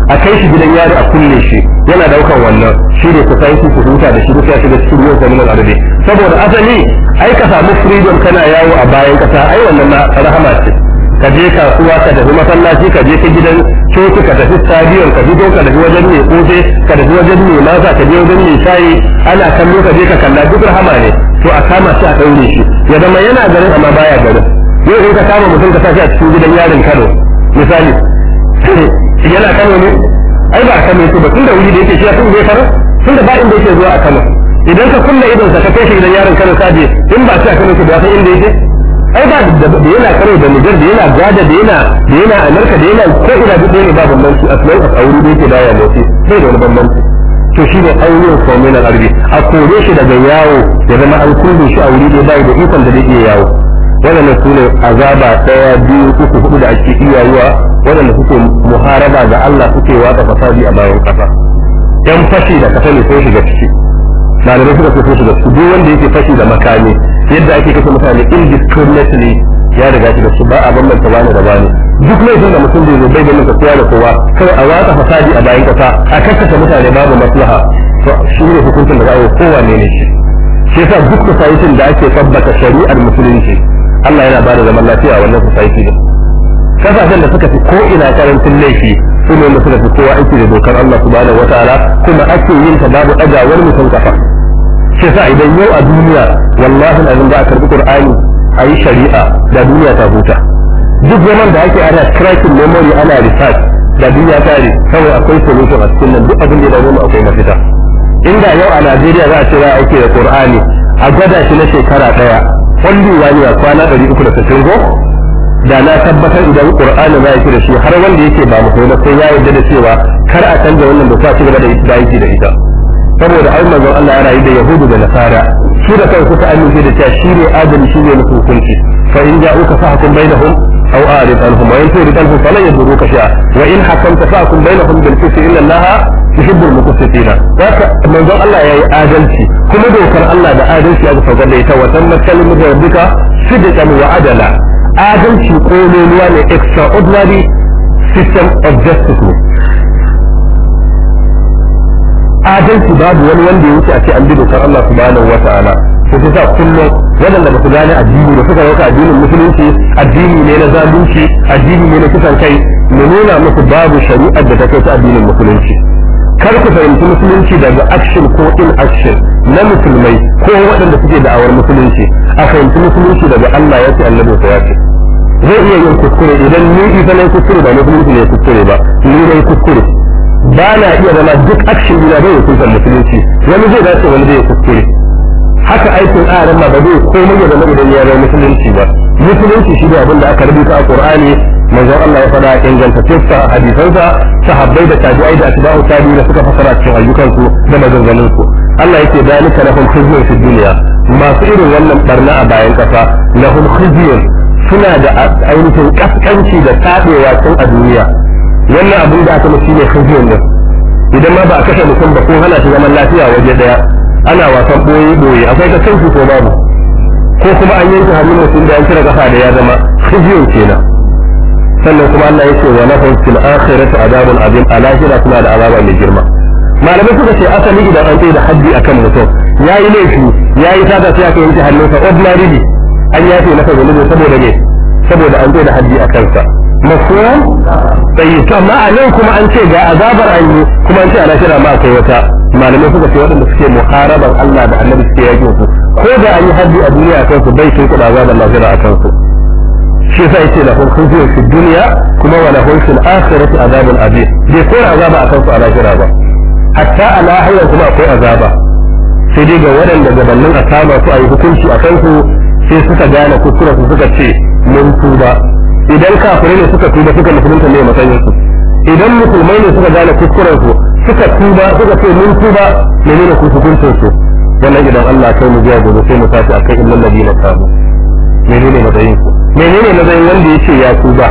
a kai shi gidan yari a kulle shi yana daukan wannan shi ne ku sai ku huta da shi ku ya shi cikin yau min al saboda asali ai ka samu freedom kana yawo a bayan kasa ai wannan na rahama ce ka je kasuwa ka tafi masallaci ka je ka gidan coci ka tafi stadiyon ka fito ka tafi wajen mai kote ka tafi wajen mai masa ka je wajen mai shayi ana kallo ka je ka kalla duk rahama ne to a kama shi a ɗaure shi ya zama yana garin amma baya garin yau in ka kama mutum ka sashi a cikin gidan yarin kano misali [LAUGHS] yana kano ne ai ba a kano ne ba tun da wuri da yake shi a tun zai tun da ba inda yake zuwa a kano idan ka kulle idonsa ka kai shi gidan yarin kano sabi in ba shi a kano ke ba san inda yake ai ba da yana kare da nijar da yana gada da yana da yana amurka da yana ko ina duk ne ba bambanci a tsawon a wuri da yake da ya motsi sai da wani bambanci to shi ne auren na arbi a kore shi daga yawo ya zama an kulle shi a wuri da bai da ikon da yake iya yawo wannan su ne azaba ɗaya biyu uku hudu da ake iya yiwa waɗanda suke muharaba ga Allah suke wata fasadi a bayan kasa. yan fashi da kafa ne sai ga ciki malamai suka so shiga ciki duk wanda yake fashi da makami yadda ake kashe mutane indiscriminately ya riga shi da su ba a bambanta wani da wani duk laifin da mutum zai bai da mutum kowa da kowa kawai a watsa fasadi a bayan kasa a kakkashe mutane babu maslaha shi ne hukuncin da za a yi ne shi shi yasa duk society da ake tabbata shari'ar musulunci Allah yana ba da zaman lafiya a wannan society din kasashen da suka fi ko ina karancin laifi su ne wanda suka fi kowa aiki da dokar Allah subhanahu wataala kuma ake yin ta babu ɗagawar mutum kafa shi yasa idan yau a duniya wallahi azin da a karbi qur'ani a yi shari'a da duniya ta huta duk zaman da ake ana cracking memory ana research da duniya ta yi kawai akwai solution a cikin nan duk abin da ya mu akwai mafita inda yau a Najeriya za a ce za a aike da qur'ani a gwada shi na shekara daya wani ne a kwana 360 go da na tabbatar idan qur'ani za a da shi har wanda yake ba mu sai ya yarda da cewa kar a canza wannan doka ci gaba da aiki da ita saboda ai manzon Allah ya rayu da yahudu da nasara su da kansu kuka amince da cewa shi ne adali shi ne mutum kunci fa in ja'uka fahkum bainahum aw a'rid anhum wa in turid anhum falan yadurruka shay'a wa in hakamta fahkum bainahum bil qisti inna Allah yuhibbul muqsitina haka manzon Allah yayi adalci kuma dokar Allah da adalci ya ga da ita wa tammat kalimatu rabbika sidqan wa adala adalci ko ne ne extraordinary system of justice adalci babu wani wanda ya wuce a ce an bi dokar Allah subhanahu wa ta'ala ko ta sa kullum waɗanda ba su gane addini da suka rauka addinin musulunci addini ne na zalunci addini ne na kisan kai mu nuna musu babu shari'ar da ta kai ta addinin musulunci kar ku fahimci musulunci daga action ko in action na musulmai ko waɗanda suke da'awar musulunci a fahimci musulunci daga Allah ya ce Allah ya ce zai iya yin kuskure idan ni isa na kuskure ba musulunci ne kuskure ba ni na kuskure ba na iya zama duk action dina bai yi kusan musulunci wani zai dace wani zai kuskure haka aikin aran ma ba zai komai ya zama idan ya zama musulunci ba musulunci shi ne abin da aka rubuta a qur'ani manzon Allah ya faɗa inganta tafsa a hadisansa sahabbai da tabi'ai da atba'u tabi'i da suka fasara cikin ayyukansu da maganganun su Allah yake dalika lahum khizyun su duniya masu irin wannan barna a bayan kasa lahum khizyun suna da ainihin kaskanci da tabewa tun a duniya wannan abin da aka mutu ne kafiyar nan idan ma ba a kashe mutum ba ko hana shi zaman lafiya waje daya ana wasan boye boye akwai ta kanku ko babu ko kuma an yanke hannun mutum da an cire kafa da ya zama kafiyar kenan sannan kuma Allah ya ce wa lahum fil akhirati adabun azim a lahira kuma da azaba mai girma malamai suka ce asali idan an tsaye da haddi akan mutum yi laifi ya yi sada sai aka yanke hannunsa ordinary an yafe masa zalunci saboda ne saboda an tsaye da haddi a sa mafhum tayyib to amma anan kuma an ce ga azabar an yi kuma an ce ana kira ma kai wata malamai suka ce waɗanda suke muharabar Allah da Annabi suke yaƙi su ko da an yi haddi a duniya akan su bai tunkuɗa azabar lafiya akan su shi yasa yace la hum khizyu su duniya kuma wa la hum fil akhirati azabun azim bai kora azaba a kan su a lahira ba hatta a lahira kuma akwai azaba sai dai ga waɗanda gabanin a kama su a yi hukunci a kan su sai suka gane kuskure su suka ce mun tuba idan kafirai ne suka tuba suka musulunta ne matsayin su idan musulmai ne suka gane kuskuren su suka tuba suka ce mun tuba menene ku hukuncin su wannan idan Allah kai mu jiya gobe sai mu tafi akai illal ladina tabu menene matsayin su menene matsayin wanda yake ya tuba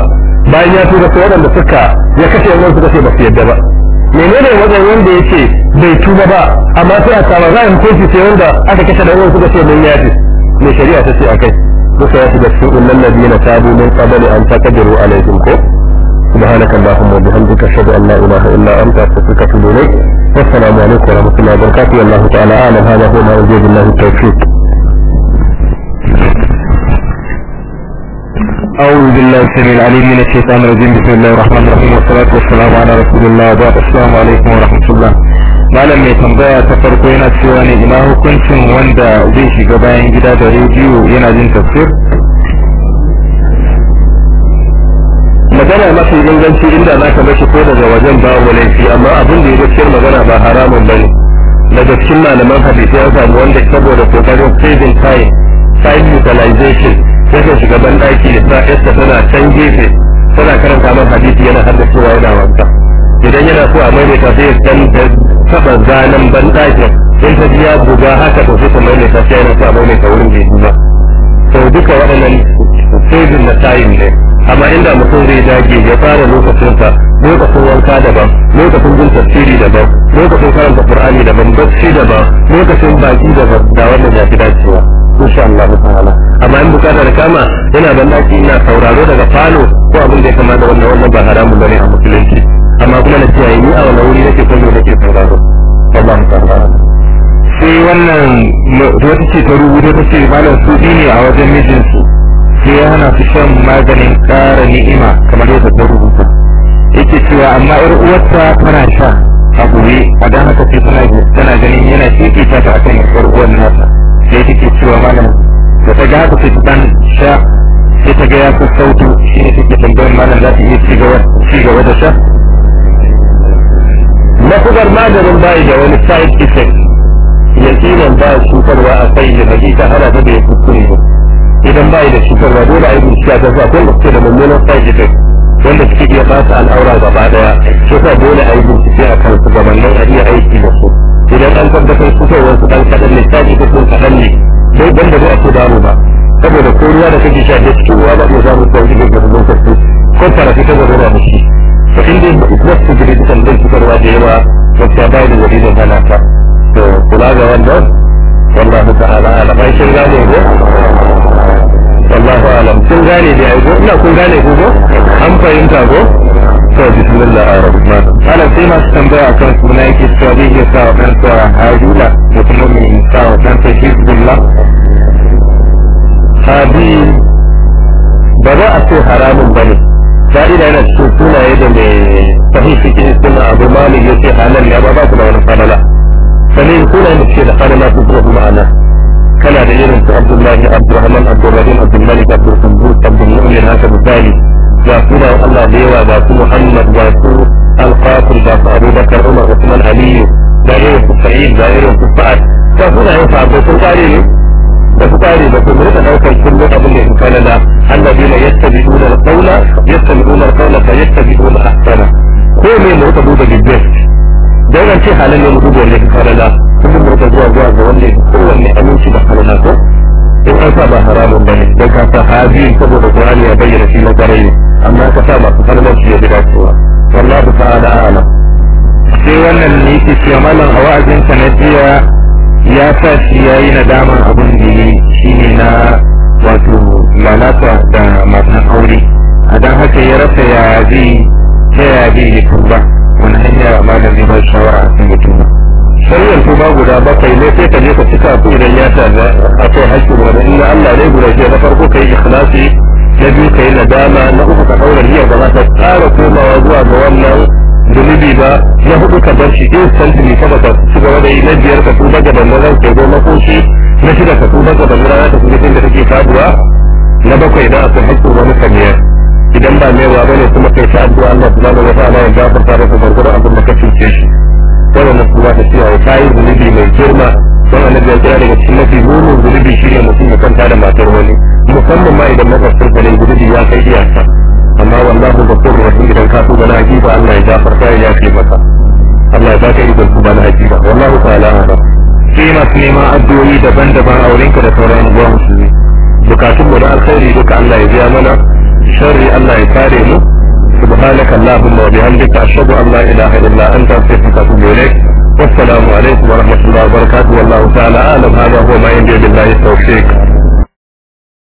bayan ya tuba sai wanda suka ya kashe wannan suka ce ba su yadda ba menene matsayin wanda yake bai tuba ba amma sai a tsara za a hukunci sai wanda aka kashe da wannan suka ce mun yafi me shari'a ta ce akai duka ya shiga cikin innal ladina tabu min qabli an taqdiru alaihim سبحانك اللهم وبحمدك اشهد ان لا اله الا انت استغفرك واتوب اليك والسلام عليكم ورحمه الله وبركاته والله تعالى اعلم هذا هو ما ارجو الله التوفيق أعوذ بالله السميع العليم من الشيطان الرجيم بسم الله الرحمن الرحيم والصلاة والسلام على رسول الله وبعد السلام عليكم ورحمة الله malam mai tambaya ta farko yana cewa ne ina hukuncin wanda zai shiga bayan gida da rediyo yana jin tafsir magana mafi inganci inda za ka mashi ko daga wajen babu laifi amma abin da ya gaskiyar magana ba haramun ba ne daga malaman hadisi ya samu wanda saboda kokarin saving time time utilization yake shiga ban daki da sa'arsa tana can gefe tana karanta man hadisi yana haddasa da cewa yana wanka idan yana so a maimaita sai ya taba zanen bandakin in ta ji ya buga haka to sai ta mai ta sai na ta mai ta wurin jiya to duka waɗannan sojin na tayin ne amma inda mutum zai dage ya fara lokacinsa lokacin wanka daban lokacin jin tafsiri daban lokacin karanta qur'ani daban bacci daban lokacin baki daban da wannan ya fi dacewa insha Allah ta'ala amma in bukata da kama yana ban dace ina sauraro daga falo ko abin da ya kama da wannan wannan ba haramun bane a musulunci amma kuma na ce yi a wani wuri nake kallo nake sauraro ta fara sai wannan wata ce ta rubuta ta ce malam su ne a wajen mijinsu sai ya hana su shan maganin ƙara ni'ima kamar yadda ta rubuta yake cewa amma yar uwarta tana sha a gobe a dan haka sai tana ganin yana sheƙe ta ta akan yar uwar nata sai take cewa malam da ta ga haka sai ta dan sha sai ta ga ya sautu shi ne take tambayar malam za ta iya ci gaba da sha mafugar maganin bayi da wani side effect yakinan ba cutarwa a kai da hakika ana ta da ya kuskure ba idan bayi da cutarwa dole a yi bincika ta zuwa kuma suke da mummunan side effect wanda suke iya ɓata al'aura gaba daya shi sa dole a yi bincike a kan su gabanin a iya aiki da su idan an tabbatar cutarwar su dan kaɗan ne side effect ɗin kaɗan ne sai ban da zai ake damu ba saboda ko ruwa da kake sha da cikin ruwa ba iya samun side effect da su zai ko farafi ta zama da shi to in dai wasu gari kan zai fitarwa da yawa gaskiya bai da dalilin hana ta to kula ga wannan wallahu ta'ala ala bai gane ko wallahu alam kun gane da ai ko ina kun gane ko an fahimta ko to bismillah ala sai ma tambaya kan suna yake cewa zai iya sa kansa hajula mutum mai sa kansa hizbullah hadi ba za a ce haramun bane fa'ida yana cikin sunaye da mai sahih cikin suna abu malik yake halar ya ba ku da wani fadala sanin sunaye da suke da fadala su kuma ana kana da irin su abdullahi abdurrahman abdurrahim abdulmalik abdulkundus abdulmu'min haka misali ga sunayen allah da yawa ga su muhammad ga su alqasim ga su abubakar umar usman aliyu da irin su sa'id da irin su Fa'ad ga sunayen sahabbai sun kare ne بسباري لكم رضا نوكا الكل قبل لا الذين يتبعون القول يتبعون القول فيتبعون أحسنه كومي مرتبو ده بالبيت دايما شيء حالا اللي مرتبو اللي إمكاننا كل مرتبو أبواب واللي هو اللي أمنش بحالنا كو إن أصاب حرام بني ده كانت هذه سبب القرآن يبين في مدرين أما كتابة فلما شيء بلاتها والله تعالى أعلم sai wannan ne ke ce malam a wa'azin sanadiyya ya sa shi ya yi nadaman abin da yi shi ne na wato lalata da matan aure a don haka ya rasa ya zai ta ya zai yi tuba wani hanya malam zai bai shawara a kan mutum sauyin tuba guda bakwai ne sai ka je ka cika ku idan ya sa a kai ba wani inda Allah ne guda ke na farko ka yi ikhlasi na biyu ka yi nadama na uku ka ɗaura niyyar ba za ta ƙara komawa zuwa ga wannan zunubi ba na hudu ka bar shi ne saba ka ci gaba da yi na biyar ka tuba ga bandaran ke zo makoshi na shida ka tuba ga bandaran ta kuma da take faduwa na bakwai da akwai haƙƙin wani kamiyar idan ba wa bane kuma kai ta addu'a Allah ta wa ta'ala ya gafarta da kuma gurbin abin da ka cuce shi wannan kuma da cewa ya kai zunubi mai girma don na ya kira daga cikin mafi munin zunubi ne mutum ya kanta da matar wani musamman ma idan mafarkin kalin zunubi ya kai iyaka amma wallahu bakur rahim idan ka tuba na hakika Allah ya gafarta ya yafe maka Allah ya baka ikon tuba na hakika wallahu ta'ala ala sai masu neman addu'o'i daban-daban a wurinka da sauran uwa musulmi bukatun mu na alkhairi duka Allah ya biya mana sharri Allah ya kare mu سبحانك اللهم وبحمدك أشهد أن لا إله إلا أنت أستغفرك وأتوب إليك والسلام عليكم ورحمة الله وبركاته والله تعالى أعلم هذا هو ما يمضي بالله التوفيق